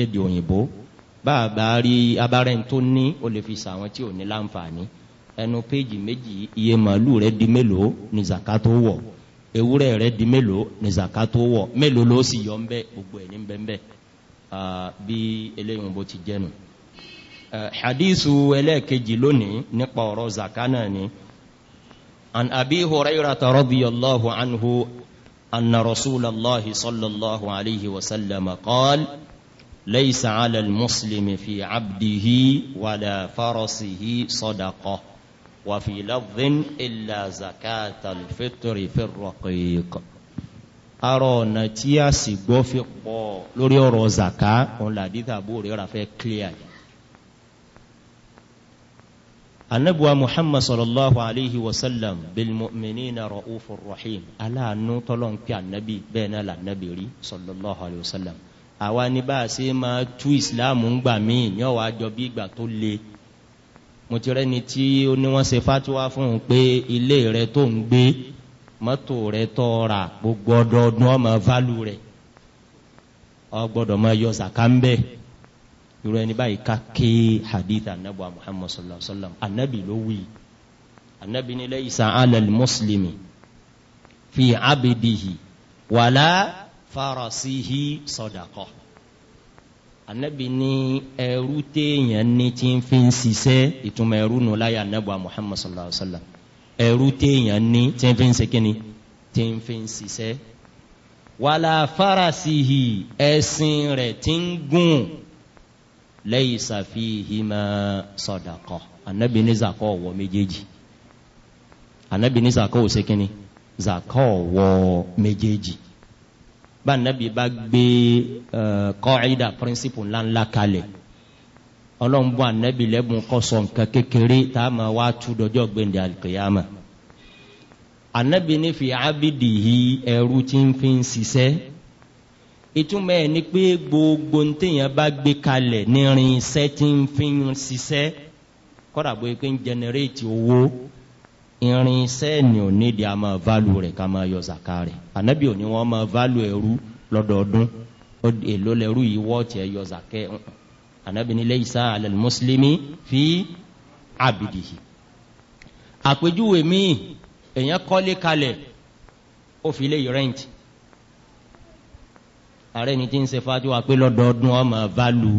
èdè òyìnbó bàbá rí abárẹ́ tó ní o lè fi sàwọn tí ò ní láǹfààní ẹnu péjì méjì iye màálù rẹ̀ di mélòó ní zaka tó wọ̀ ewúrẹ́ rẹ̀ di mélòó ní zaka tó wọ̀ mélòó ló sì yọ ń bẹ́ gbogbo ẹ̀ ní bẹ́ẹ̀ bẹ́ẹ̀ ah, bí eléyìí ti jẹ́nu. Eh, hadithu ẹlẹ́ẹ̀kejì lónìí nípa ọ̀rọ̀ zaka náà ni an abi hurairata radiyallahu anhu anna rasulallahi sallallahu alayhi wa sallam qala ليس على المسلم في عبده ولا فرسه صدقة وفي لفظ إلا زكاة الفطر في الرقيق أرى نتيا سيغو في قو لوري أرو زكاة لا ديث أبو ريرا في كليا anabuwa muhammad sallallahu alayhi wa sallam bilmumini na ra'ufu rahim aláàánú tọ́lọ́n pé anabi bẹ́ẹ̀ náà la anabi rí sallallahu alayhi wa sallam àwa ní bá a ṣe máa tú ìsìláàmù ń gbà míì ní ọ̀wá jọ bí ìgbà tó le mo ti rẹ́ni tí ó ní fatuwa fún un pé ilé rẹ tó ń gbé mọ́tò rẹ ra gbogbo ọdọọdún ọmọ válù rẹ ọ gbọ́dọ̀ máa yọ sàkà ń bẹ́ẹ̀ irú ẹni báyìí ká ké hadith anabu muhammad sallallahu alaihi wa sallam anabi ló wí anabi ni laysa alal muslimi fi abidihi wàlá farasihi sadaqa anabi ni ẹrú téèyàn ní tí ń fi ń ṣiṣẹ́ ìtumọ̀ ẹrú nù láyé anabu muhammad sallallahu alaihi wa sallam farasihi ẹṣin rẹ̀ tí ń gùn laysa fihima sadaqa anabi ní zakọ wọ méjèèjì anabi ní zakọ wọ sékìní zakọ wọ méjèèjì bá anabi bá gbé kọ́ọ̀ìdà píríncípù ńláńlá kalẹ̀ ọlọ́nbọ́n anabi lẹ́bùn kọ́sọ̀ nǹkan kékeré tá a máa wá tú dọjọ́ gbẹ̀ndẹ̀ alikiyama anabi ní fi abidihi ẹrú tí ń fi ń ṣiṣẹ́ ìtumọ̀ ẹ̀ ni pé gbogbo ntẹ̀yìn bá gbé kalẹ̀ nírin iṣẹ́ tí ń fi ń ṣiṣẹ́ kọ́dà bóyá ń jẹnẹrétì owó irin iṣẹ́ ni ò ní di àmọ́ válù rẹ̀ ká máa yọ zàká rẹ̀ ànábì ò ní wọ́n máa válù ẹrú lọ́dọọdún èlò lẹ́rú yìí wọ́ọ̀tì ẹ̀ yọ zàkẹ́ ànábì ní lẹ́yìn sáà alẹ́ mùsùlùmí fi àbìdìhì àpèjúwe míì èèyàn kọ́lé kalẹ̀ ó fi lé rẹ́ǹtì ààrẹ ni tí ń ṣe fájú wa pé lọ́dọọdún ọmọ válù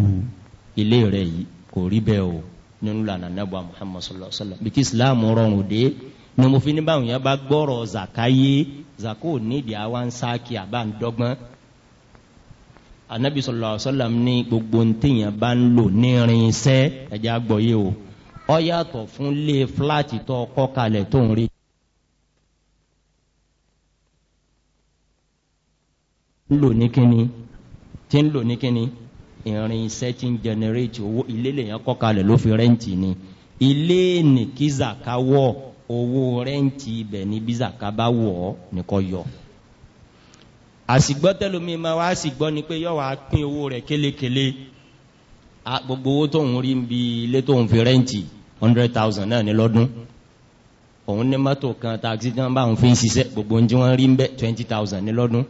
ilé rẹ̀ yìí kò rí bẹ́ẹ̀ o nínú lànà nàbọ̀ Muhammad sallallahu alaihi wasallam bí kí islam rọrùn dé ni mo fi ní báwọn yẹn bá gbọ́rọ̀ zakaye zako nídìí àwa ń sáàkì àbá ń dọ́gbọ́n anabi sallallahu alaihi wasallam ní gbogbo ntẹ̀yìn bá ń lò ní irinṣẹ́ ẹ̀jẹ̀ àgbọ̀yé o ọ yàtọ̀ fún lé fúláàtì tó kọ́ tó ń rí ń lò ní kíni tí ń lò ní kíni ìrìn iṣẹ́ tí ń generate owó ilé lèyàn kọ́kalẹ̀ ló fi rẹ́ǹtì ni ilé ní kí zaka wọ̀ owó rẹ́ǹtì ibẹ̀ ní bí zaka bá wọ̀ ọ́ nìkan yọ. àsìgbọ́ tẹ́lómi máa wá àsìgbọ́ ni pé yọ̀wá pín owó rẹ̀ kélekèle gbogbo owó tóun rí bí ilé tóun fi rẹ́ǹtì hundred thousand náà ní lọ́dún òun ní mọ́tò kan taxi kan báwọn fi ń ṣiṣẹ́ gbogbo ohun tí wọ́n rí ń bẹ́ twenty thousand ní lọ́dún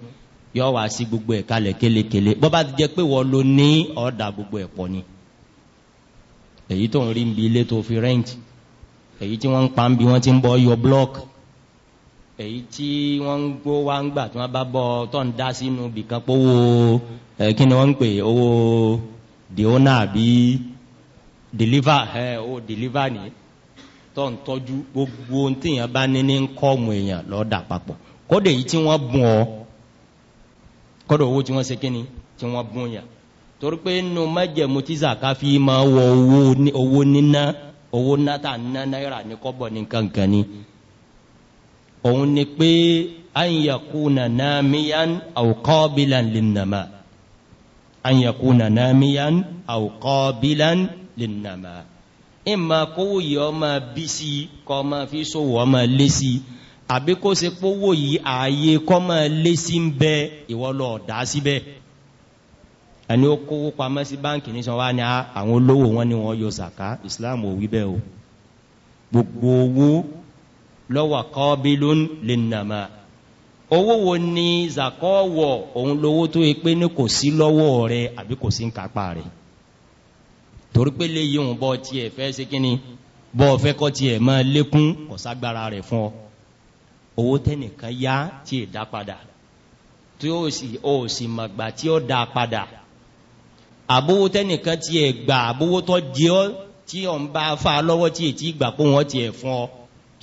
yọ wá sí gbogbo ẹ̀ kalẹ̀ kélekèle bọ́ bá ti jẹ́ pé wọ́n lo ní ọ̀dà gbogbo ẹ̀ pọ̀ ni èyí tó ń rí bí ilé tó fi rent èyí tí wọ́n ń pa ń bí wọ́n ti ń bọ́ yọ block èyí tí wọ́n ń gbó wá ń gbà tí wọ́n bá bọ́ tó ń dá sínú bìkan pówó kí ni wọ́n ń pè owó dèónà àbí deliver owó deliver ni tó ń tọ́jú gbogbo ohun tí èèyàn bá ní ní ń kọ́ ọmọ èèyàn lọ́ọ́ dà papọ̀ kódà èyí tí wọ́n bùn ọ́ kọ́dọ̀ owó tí wọ́n se kíni tí wọ́n bún yà torí pé nù mẹ́jẹ̀mú tí zaka fi ma wọ owó níná owó náta ná náírà ní kọ́bọ̀ ní kankan ni òun ni pé anyakuna namiyan àwòkọ́bílan lìnnàmà anyakuna namiyan àwòkọ́bílan lìnnàmà ìmà kówó yìí ọmọ bí sí kọ́ ọmọ fi sówó ọmọ lé sí i àbí kó se pówó yìí ààyè kọ́mọ lé sí ń bẹ ìwọ lọ síbẹ̀ ẹni ó kówó pamọ́ sí báǹkì ní sanwó ní ah, àwọn olówó wọn ni wọn yọ sàká islam ò wí bẹ́ẹ̀ o gbogbo owó lọ́wọ́ kọ́bílón lè nàmà owó wo ni zakọ́ wọ̀ òun lówó tó yẹ pé ní kò sí lọ́wọ́ rẹ àbí kò sí ń kápá rẹ torí pé lè yí òun bọ́ tiẹ̀ fẹ́ ṣe kínní bọ́ ọ fẹ́ kọ́ tiẹ̀ máa lékún kọ̀ságbára rẹ̀ fún ọ owó tẹnìkan yá tí ì dá padà tí ó sì ó sì màgbà tí ó dá padà àbówó tẹnìkan tí ì gbà àbówó tó jẹ ọ tí ò ń bá fa lọ́wọ́ tí ì tí gbà pé wọ́n ti ẹ̀ fún ọ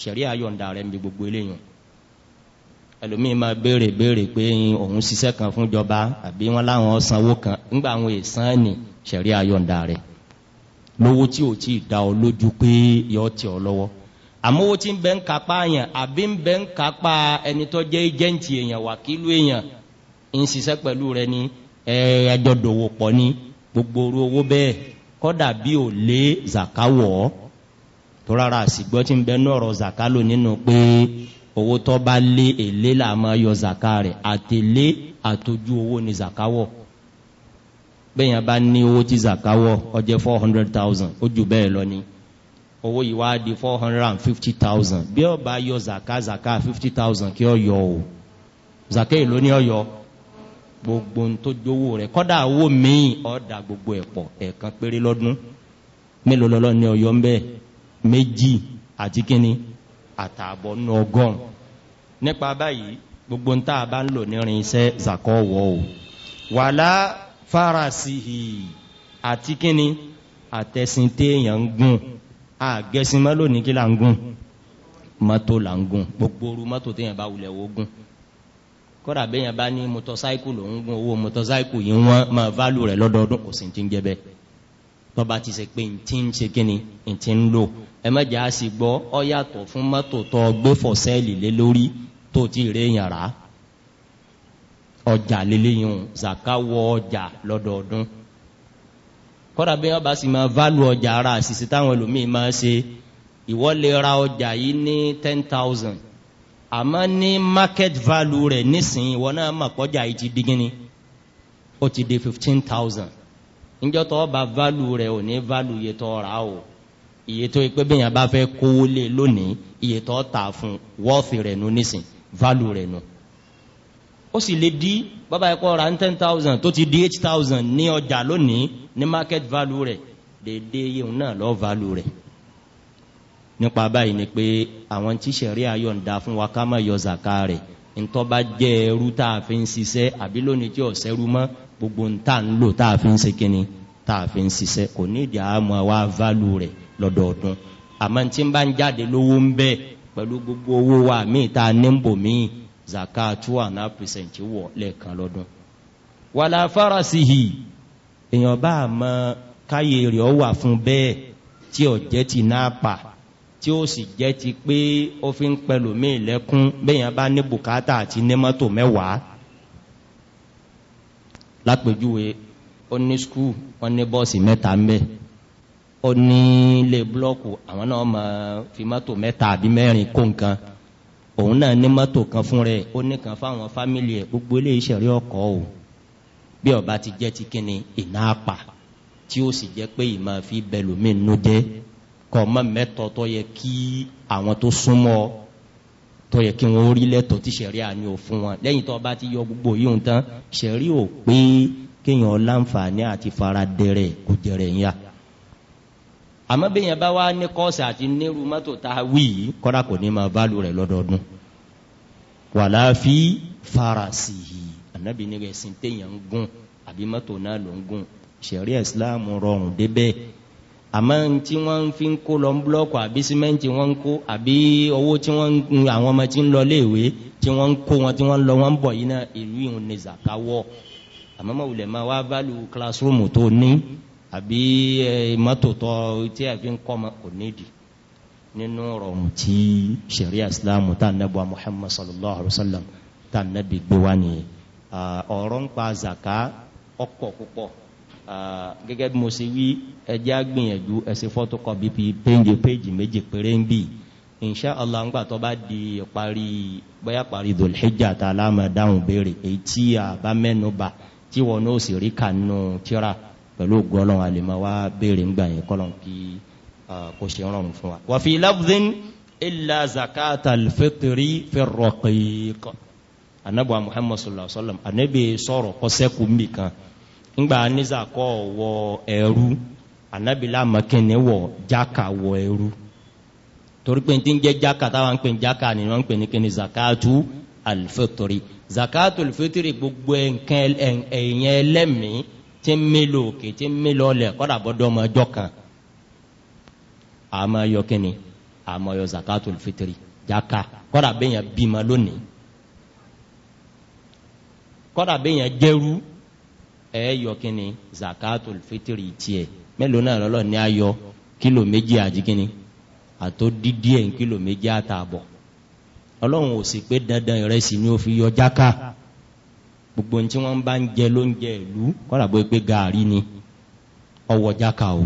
sẹ̀rí ayọ̀ǹda rẹ̀ ń bi gbogbo eléyìí ẹlòmíín máa béèrè béèrè pé òun ṣiṣẹ́ kan fún jọba àbí wọn láwọn sanwó kan ńgbà àwọn èèsàn ni sẹ̀rí ayọ̀ǹda rẹ̀ lówó tí ò tí ì dá ọ lójú pé yọ ọ ọ lọ́wọ́ àmówó tí ń bẹ ń kápá èèyàn àbí ń bẹ ń kápá ẹni tó jẹ́ ẹjẹ́ǹtì èèyàn wàkílù èèyàn ń ṣiṣẹ́ pẹ̀lú rẹ ní ẹjọ́ dòwò pọ̀ ní gbogbo orú owó bẹ́ẹ̀ kọ́dà bí ò lé zàká tó rárá àsìgbọ́ tí ń bẹ ní ọ̀rọ̀ zàká lò nínú pé owó tó bá lé èlé là máa yọ zàká rẹ̀ àtèlé àtòjú owó ni zàká wọ̀ bẹ́ẹ̀ yẹn bá ní owó tí zàká ọjẹ́ four hundred thousand ó jù bẹ́ẹ̀ lọ ni owó yìí wá di four hundred and fifty thousand bí ó bá yọ zaka zaka fifty thousand kí ó yọ o zaka èlò ni ó yọ gbogbo ń tó jówó rẹ kọ́dà owó míì ọ̀dà gbogbo ẹ̀ pọ̀ ẹ̀ẹ̀kan péré lọ́dún mélòó lọ́lọ́ ni ọ̀yọ́ ń bẹ́ méjì àti kínní àtààbọ̀ nù ọgọ́rùn nípa báyìí gbogbo ń tá a bá ń lò nírin iṣẹ́ zakọ́ wọ̀ o wàlá farasihi àti kínní àtẹ̀sìn téèyàn ń gùn àgẹ́sìn mọ́ lónìí kí là ń gùn mọ́tò là ń gùn gbogbo oru mọ́tò téèyàn bá wulẹ̀ wó gùn kódà béèyàn bá ní mọ́tọ́sáìkù lòún gùn owó mọ́tọ́sáìkù yìí wọ́n máa válù rẹ̀ lọ́dọọdún kò sí ti ń jẹ bẹ́ẹ̀ tọba ti ṣe pé ntí ń ṣe kíni ntí ń lò ẹ mẹ́jẹ̀ á sì gbọ́ ọ yàtọ̀ fún mọ́tò tó gbé fọ̀sẹ́ẹ̀lì lé lórí tó ti rè yàn rà ọjà lélẹ́yìn zaka ọjà lọ́dọọdún kọ́dà bí wọ́n bá sì máa válù ọjà ara àṣìṣe táwọn ẹlòmíì máa ṣe ìwọ ra ọjà yìí ní ten thousand àmọ́ ní market value rẹ̀ nísìnyí ìwọ náà mà pọ́jà yìí ti di gíní ó ti di fifteen thousand níjọ́ tó bá value rẹ̀ ò ní value iye tó rà o iye tó yẹ pé bẹ́ẹ̀ yẹn bá fẹ́ kówó lé lónìí iye tó tà fún worth rẹ̀ nu nísìnyí value rẹ̀ nu. No ó sì lè di bàbá ẹ̀kọ́ ra ní ten thousand tó ti di eight thousand ní ọjà lónìí ní market value rẹ̀ déédéé yéun náà lọ́ọ́ value rẹ̀ nípa báyìí ni pé àwọn tí sẹ̀rí ayọ̀ǹda fún wa ká má yọ zàká rẹ̀ ntọ́ bá jẹ́ ẹrú tá a fi ń ṣiṣẹ́ àbí lónìí tí ọ̀sẹ́ rú mọ́ gbogbo ń tà ń lò tá a fi ń ṣe kínni tá a fi ń ṣiṣẹ́ kò ní ìdí àmọ́ wa value rẹ̀ lọ́dọọdún àmọ́ tí ń bá ń jáde lówó ń bẹ́ẹ̀ pẹ̀lú gbogbo owó wa míì tá a ní ń bò míì zaka two and a half percent wọ̀ lẹ́ẹ̀kan lọ́dún. wàlà farasihi èèyàn bá a mọ káyé rẹ̀ ọ wà fún bẹ́ẹ̀ tí ò jẹ́ ti náà pa tí ó sì jẹ́ ti pé ó fi ń pẹlò mí lẹ́kún bẹ́yàn bá ní bùkátà àti ní mọ́tò mẹ́wàá lápèjúwe ó ní skul wọ́n ní bọ́ọ̀sì mẹ́ta mẹ́ ó ní ilé búlọ́ọ̀kù àwọn náà máa fi mọ́tò mẹ́ta àbí mẹ́rin kó nǹkan òun náà ní mọ́tò kan fún rẹ̀ ó ní kan fáwọn fámìlì ẹ̀ gbogbo eléyìí ṣẹ̀rí ọkọ̀ o bí ọba ti jẹ́ ti kíni iná apà tí ó sì jẹ́ pé ìmọ̀ fi bẹ̀lùmí nú jẹ́ kọ́ mọ́ mẹ́tọ́ tó yẹ kí àwọn tó súnmọ́ tó yẹ kí wọ́n rí lẹ́tọ̀ tí ṣẹ̀rí àní ò fún wọn lẹ́yìn tó ọba ti yọ gbogbo yìí ń tán ṣẹ̀rí ò pé kéèyàn láǹfààní àti fara kò jẹrẹ yín yá àmọ́ bí yẹn bá wá ní kọ́ọ̀sì àti nírú mọ́tò tá a wí yìí kọ́dà kò ní máa bálù rẹ̀ lọ́dọọdún wàlá fi farasi yìí ànábì ní ẹ̀sìn téèyàn ń gùn àbí mọ́tò náà ló ń gùn ṣẹ̀rí islam rọrùn débẹ̀ àmọ́ tí wọ́n fi ń kó lọ búlọ́ọ̀kù àbí símẹ́ǹtì wọ́n ń kó àbí owó tí wọ́n ń àwọn ọmọ tí ń lọ léèwé tí wọ́n ń kó wọn tí wọ́n lọ wọ́n ń bọ̀ yìí náà ìlú ìhun ni zakawọ́ àmọ́ mọ̀wulẹ̀ máa wá bálù classroom tó ní àbí ìmọ́tòtọ́ tí a fi ń kọ́ kò nídi nínú rọrùn tí sharia Islam tá nẹ́bọ̀ muhammad sallallahu alaihi wasallam tá nẹ́bi gbé wá ní ọ̀rọ̀ ń pa zaka ọkọ̀ púpọ̀ gẹ́gẹ́ bí mo ṣe wí ẹjá gbìyànjú ẹ̀sẹ̀ fọ́tọ́kọ̀ bí i péńjẹ péjì méjì péré ń bì insha allah ńgbà tó bá di parí bóyá parí dòlhíjà tá a lámà dáhùn béèrè èyí tí a bá mẹ́nu bà tí wọn ó sì rí kànú tíra pẹ̀lú ògùn ọlọ́run àlèmọ́ wa béèrè ń gbà yẹn kọ́lọ́n kí kò ṣe rọrùn fún wa. wàfi lafdin illa zakata alfitri fi rọqiq anabu muhammad sallallahu alaihi wa sallam anabi sọ̀rọ̀ kọ́sẹ́kù mi kan ngba anizakọ wọ ẹrú anabi lamakẹni wọ jaka wọ ẹrú torí pé ti ń jẹ jaka táwọn ń pè ní jaka ni wọn ń pè ní kíni zakatu alfitri zakatu alfitri gbogbo ẹ̀yìn ẹlẹ́mìí tí ń mélòó òkè tí ń mélòó ọlẹ̀ kọ́dà bọ́dọ̀ ọmọ ọjọ́ kan àmọ́ yọ kínni àmọ́ yọ zakatul fitiri jaka kọ́dà bẹ́yàn bímọ lónìí kọ́dà bẹ́yàn jẹ́rú ẹ̀ yọ kínni zakatul fitiri tiẹ̀ mélòó náà lọ́lọ́ ní ayọ kílò méjì àti àtó dídí ẹ̀ ń kílò méjì àtààbọ̀ ọlọ́run ò sì pé dandan ìrẹsì ni ó fi yọ jaka. jaka gbogbo tí wọ́n bá ń jẹ ló ń jẹ ìlú kọ́lá bó gbé gaari ni ọwọ́ jáka o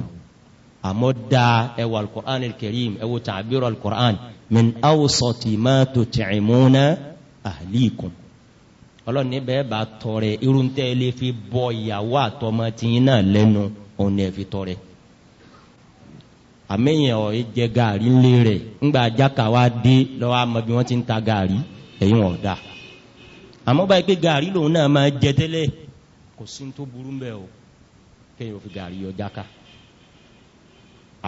àmọ́ da ẹwà alukur'an kẹrìm ẹwọ tàbírọ̀ alukur'an min awusọ̀tì má tó tẹ̀múnà àlìkùn ọlọ́run níbẹ̀ bá tọrẹ irun tẹ́ lè fi bọ ìyàwó àtọmọ tìyín náà lẹ́nu òun ẹ̀ fi tọrẹ àmẹ́yìn ọ̀ jẹ gaari ńlẹ̀ rẹ̀ ńgbà jáka wa dé lọ́wọ́ àmọ́ bí wọ́n ti ń ta gaari ẹ̀yìn ọ̀dà àmọ́ báyìí pé gàrí lòun náà máa jẹ tẹ́lẹ̀ kò sí tó burú mbẹ o kéèyàn fi gàrí yọ jáka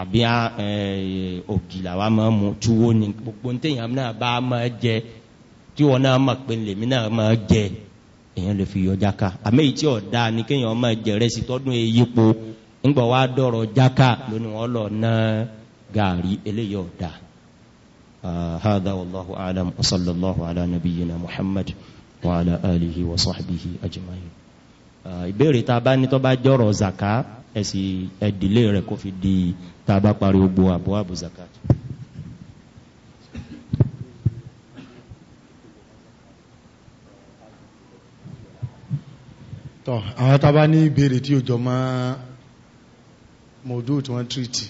àbí ògì làwa máa mu tuwo ni gbogbo ntẹ̀yìn náà bá máa jẹ tí wọn náà máa pe lèmi náà máa jẹ èèyàn lè fi yọ jáka àmọ́ èyí tí ò da ni kéèyàn máa jẹ rẹ́sì tọ́dún eyipo ńgbọ̀ wá dọ̀rọ̀ jáka lónìí wọn lọ ná gàrí eléyìí ò da. هذا والله أعلم وصلى الله على نبينا محمد wa ala alihi wa sahbihi ajma'in. Ah, ìbéèrè tá a bá ní tó bá jọ̀rọ̀ zaka ẹ̀sì ẹ̀dílé rẹ̀ kó fi di tá a bá parí gbogbo àbọ̀ àbò zaka. tọ́ àwọn tàbá ní ìbéèrè tí ó jọ mọ́ mọ̀dú tí wọ́n tírìtì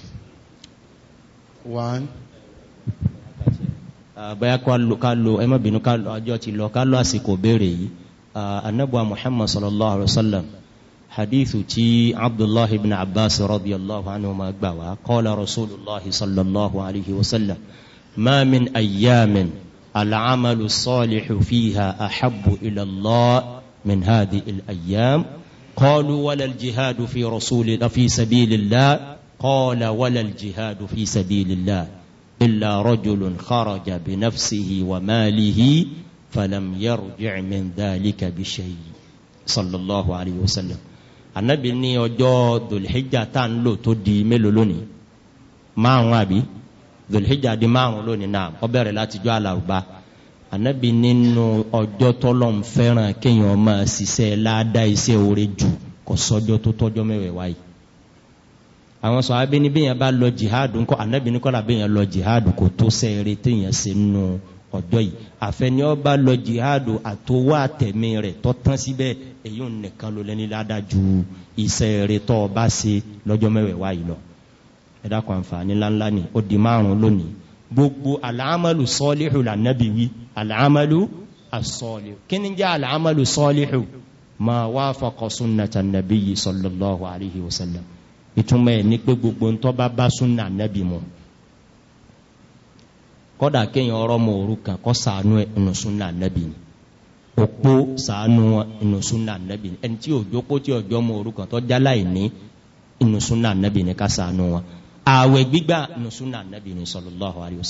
Ah, bẹ́ẹ̀ ká lo ẹ má bínú ká lo ọjọ́ ti lọ ká lo àsìkò béèrè yìí anabuwa ah, muhammad sallallahu alayhi wa sallam hadithu ti abdullahi ibn abbas radiyallahu anhu ma gbà wá kọ́lá rasulillahi sallallahu alayhi wa sallam maamin ayyamin alcamalu salihu fiha axabu ila allah min hadi alayyam قالوا ولا الجهاد في رسول في سبيل الله قال ولا الجهاد في سبيل إلا رجل خرج بنفسه وماله فلم يرجع من ذلك بشيء صلى الله عليه وسلم النبي ني اوجو ذو الحجه تان لو تو دي ميلو لوني مارون ابي ذو الحجه دي مارون لوني نعم او بره لاتي جو الاربع النبي نينو اوجو تولون فيران كيان ما سيسه لا دا ايسه اوري جو كو سوجو تو توجو ميوي واي àwọn sọ abẹ́ ní bá lọ jihadu ńkọ́ ànábì ní lọ jihadu kò tó sẹ́ẹ̀rẹ́ téèyàn ṣe nù ọjọ́ yìí àfẹ́ni ọba lọ jihadu àtọwọ́ àtẹ̀mí rẹ̀ tọ́ tán síbẹ̀ èyí ò nìkan ló lẹ́ni ládájú ìṣẹ̀rẹ̀ tọ́ ọba ṣe lọ́jọ́ mẹ́wẹ̀ẹ́wá yìí lọ ẹ dákun àǹfààní ńláńlá ni ó di márùn lónìí gbogbo àlàámàlù sọ́ọ́lìhù lànàbì wí àlàámàlù àsọ́ọ́lìhù kí ni jẹ́ àlàámàlù sọ́ọ́lìhù máa wá fọkọ̀ sunnata nàbí yìí sọ́lọ́lọ́hu àríhì wọ́sálàmù ìtumọ̀ ẹ̀ ní pé gbogbo ńtọ́ bá bá súnà nẹ́bí mu kọ́dà kéèyàn ọ̀rọ̀ mọ òru kan kọ́ sànú ẹ̀ nù súnà nẹ́bí ni òpó sànú ẹ̀ nù súnà nẹ́bí ni ẹni tí òjò kó tí ọjọ́ mọ òru kan tó jálá ìní nù súnà nẹ́bí ni ká sànú wọn ààwẹ̀ gbígbà nù súnà ni sọlọ́láhu alayhi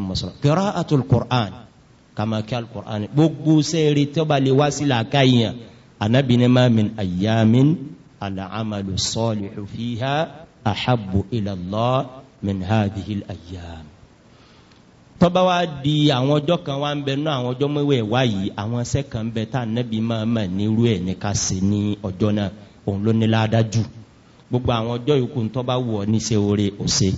wa kama kí alukur'an gbogbo sẹ́ẹ̀rì tọ́ba lè wá sí làákà yìnyín anabi ni maa min ayamin alaamalu sọ́ọ̀lì fiha ahabu ilallah min hadihil ayam. tọ́ba wa di àwọn ọjọ́ kan wá ń bẹ nú àwọn ọjọ́ mẹ́wẹ̀ wá yìí àwọn sẹ́ kan bẹ tá anabi máa ma nírú ẹ̀ ní ká se ní ọjọ́ náà òun ló ní ládájú gbogbo àwọn ọjọ́ yòókù tọ́ba wọ̀ ní ṣe oore ọ̀sẹ̀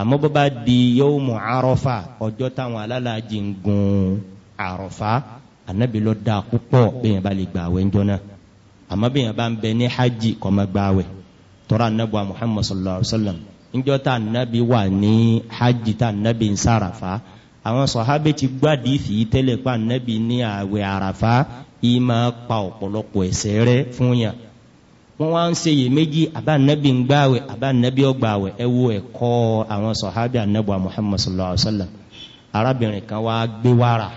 àmọ́ bọ́ bá di yóò mú arọ́fà ọjọ́ táwọn alálàájì ń gun àròfá anabi ló dáa púpọ̀ bẹ́ẹ̀ bá lè gbàwé ńjọ́ náà àmọ́ bẹ́ẹ̀ bá ń bẹ ní hajj kọ́ mọ́ gbàwé tọ́ra anabi wa muhammad sallallahu alayhi wa sallam ńjọ́ tá anabi wà ní hajj tá anabi ń sàràfà àwọn sọ̀hábẹ́ ti gbádìí fìyí tẹ́lẹ̀ pa anabi ní àwẹ̀ àràfá yìí máa pa ọ̀pọ̀lọpọ̀ ẹ̀sẹ̀ rẹ fún yàn wọ́n wá ń seyè méjì àbánabi ń gbàwẹ̀ àbánabi ọgbàwẹ̀ ẹ wo ẹ̀kọ́ àwọn sọ̀hábẹ́ anabi wa muhammad sallallahu alayhi wa arábìnrin kan wá gbé wàrà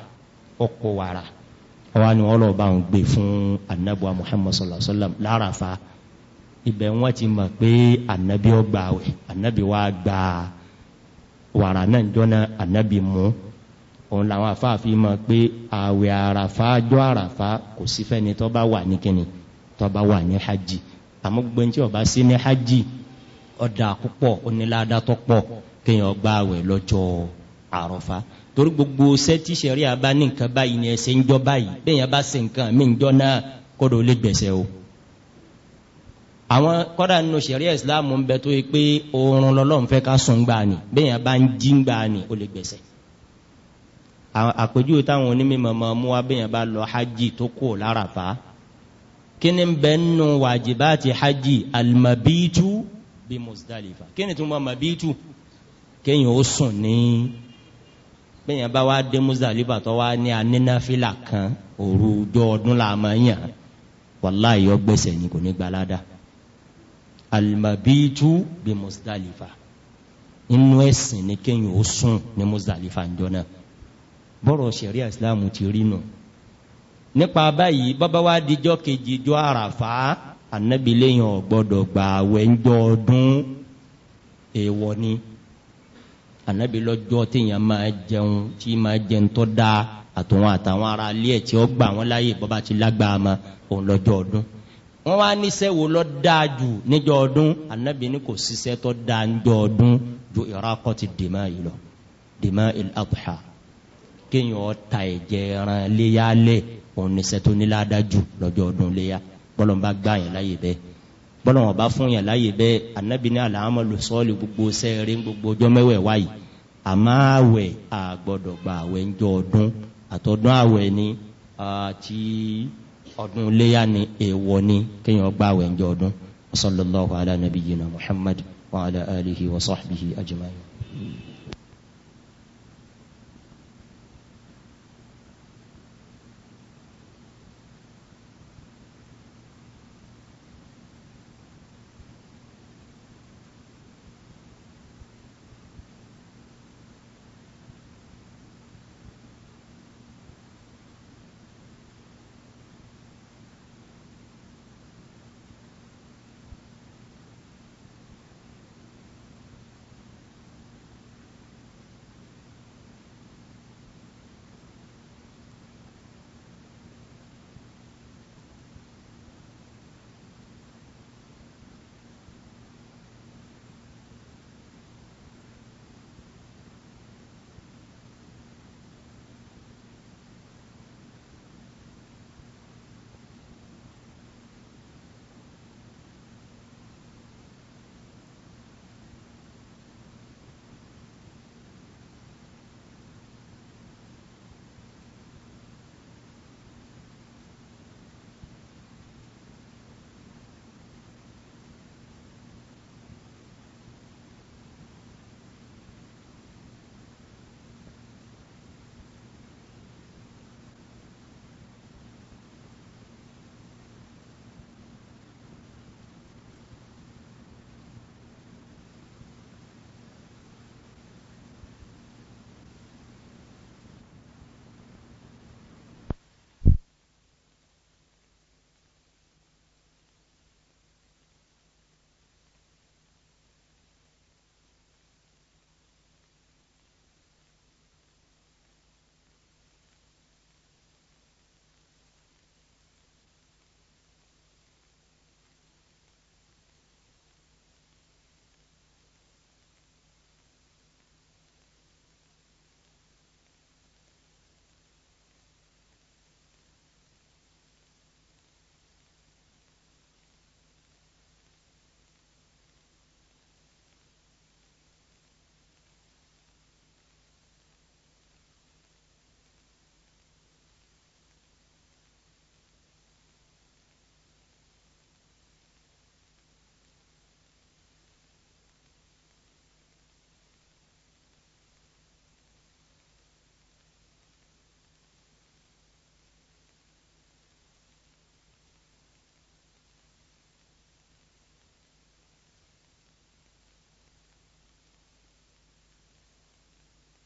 ọkọ̀ wàrà ọwọ́ ni wọ́n lọ bá ń gbé fún anabuwa muhammad sallallahu alaihi wa sallam lárafa ibẹ̀ wọ́n ti mọ̀ pé anabi ọgbà wẹ̀ anabi wa gba wàrà náà jọ́nà anabi mú òun làwọn afáàfin mọ̀ pé àwẹ̀ àràfà jọ́ àràfà kò sí fẹ́ni tó bá wà ní kíni tó bá wà ní hajj àmọ́ gbogbo ẹni tí sí ní hajj ọ̀dà púpọ̀ onílàádá tó pọ̀ kéèyàn lọ́jọ́ àròfà torí gbogbo sẹ́tí sẹ̀rí àbá ní nǹkan báyìí ni ẹ̀sẹ̀ ń jọ báyìí bẹ́ẹ̀ yẹn bá se nǹkan mí ń jọ náà kọ́dọ̀ lè gbẹ̀sẹ̀ o. àwọn kọ́dà nínú sẹ̀rí ìsìláàmù ń bẹ tó yẹ pé oorun lọ́lọ́run fẹ́ ká sùn gbà ní bẹ́ẹ̀ yẹn bá ń jí gbà ní o lè gbẹ̀sẹ̀. àpèjúwe táwọn onímọ̀ máa mú wa bẹ́ẹ̀ yẹn bá lọ hajj tó kù lára fa. kíni ń bẹ nínú wàjibáti mabitu kéèyàn bẹ́yàn bá wá dé muzalifa tó wá ní anínáfílà kan òru ọjọ́ ọdún la yàn wàláyé ọgbẹ́sẹ̀ ni kò ní gbalada alimabitu bi muzalifa inú ẹ̀sìn ni kéèyàn ó sùn ní muzalifa ń jọ náà bọ́rọ̀ sẹ̀rí islam ti rí nù nípa báyìí bàbá wa dijọ́ kejì jọ àràfà anabi ọ̀gbọ́dọ̀ gbà wẹ́ńjọ́ ọdún èèwọ̀ ni ànábì lọ́jọ́ téèyàn máa jẹun tí máa jẹun tó dáa àtòwọn àtàwọn ará ilé ẹ̀ tí ó gbà wọ́n láàyè bọ́ba ti lágbàá ma òun lọ́jọ́ ọdún wọ́n wá níṣẹ́ wo lọ dáa jù níjọ́ ọdún ànábì ní kò síṣẹ́ tó dáa níjọ́ ọdún ju ìrakọ́ ti dèmá yìí lọ dèmá il adha kéèyàn ọ̀ta ẹ̀jẹ̀ ẹran léyà òun níṣẹ́ tó níláàdájú lọ́jọ́ ọdún léyà bọ́lọ̀ gbà yẹn láàyè bẹ́ẹ̀ bọ́lá wọn bá fún yàn láàyè bẹ́ẹ̀ anabi ní àlàámọ̀ lò sọ́ọ̀lì gbogbo sẹ́ẹ̀rẹ́ gbogbo ọjọ́ mẹ́wẹ̀ẹ́ wáyìí àmọ́ àwẹ̀ àgbọ̀dọ̀ gba àwẹ̀ ń jọ ọdún àtọ̀dún àwẹ̀ ni àti ọdún léyà ni èèwọ̀ ni kéèyàn gba àwẹ̀ ń jọ ọdún sallallahu ala nabiyyina muhammad wa ala alihi wa sahbihi ajma'in.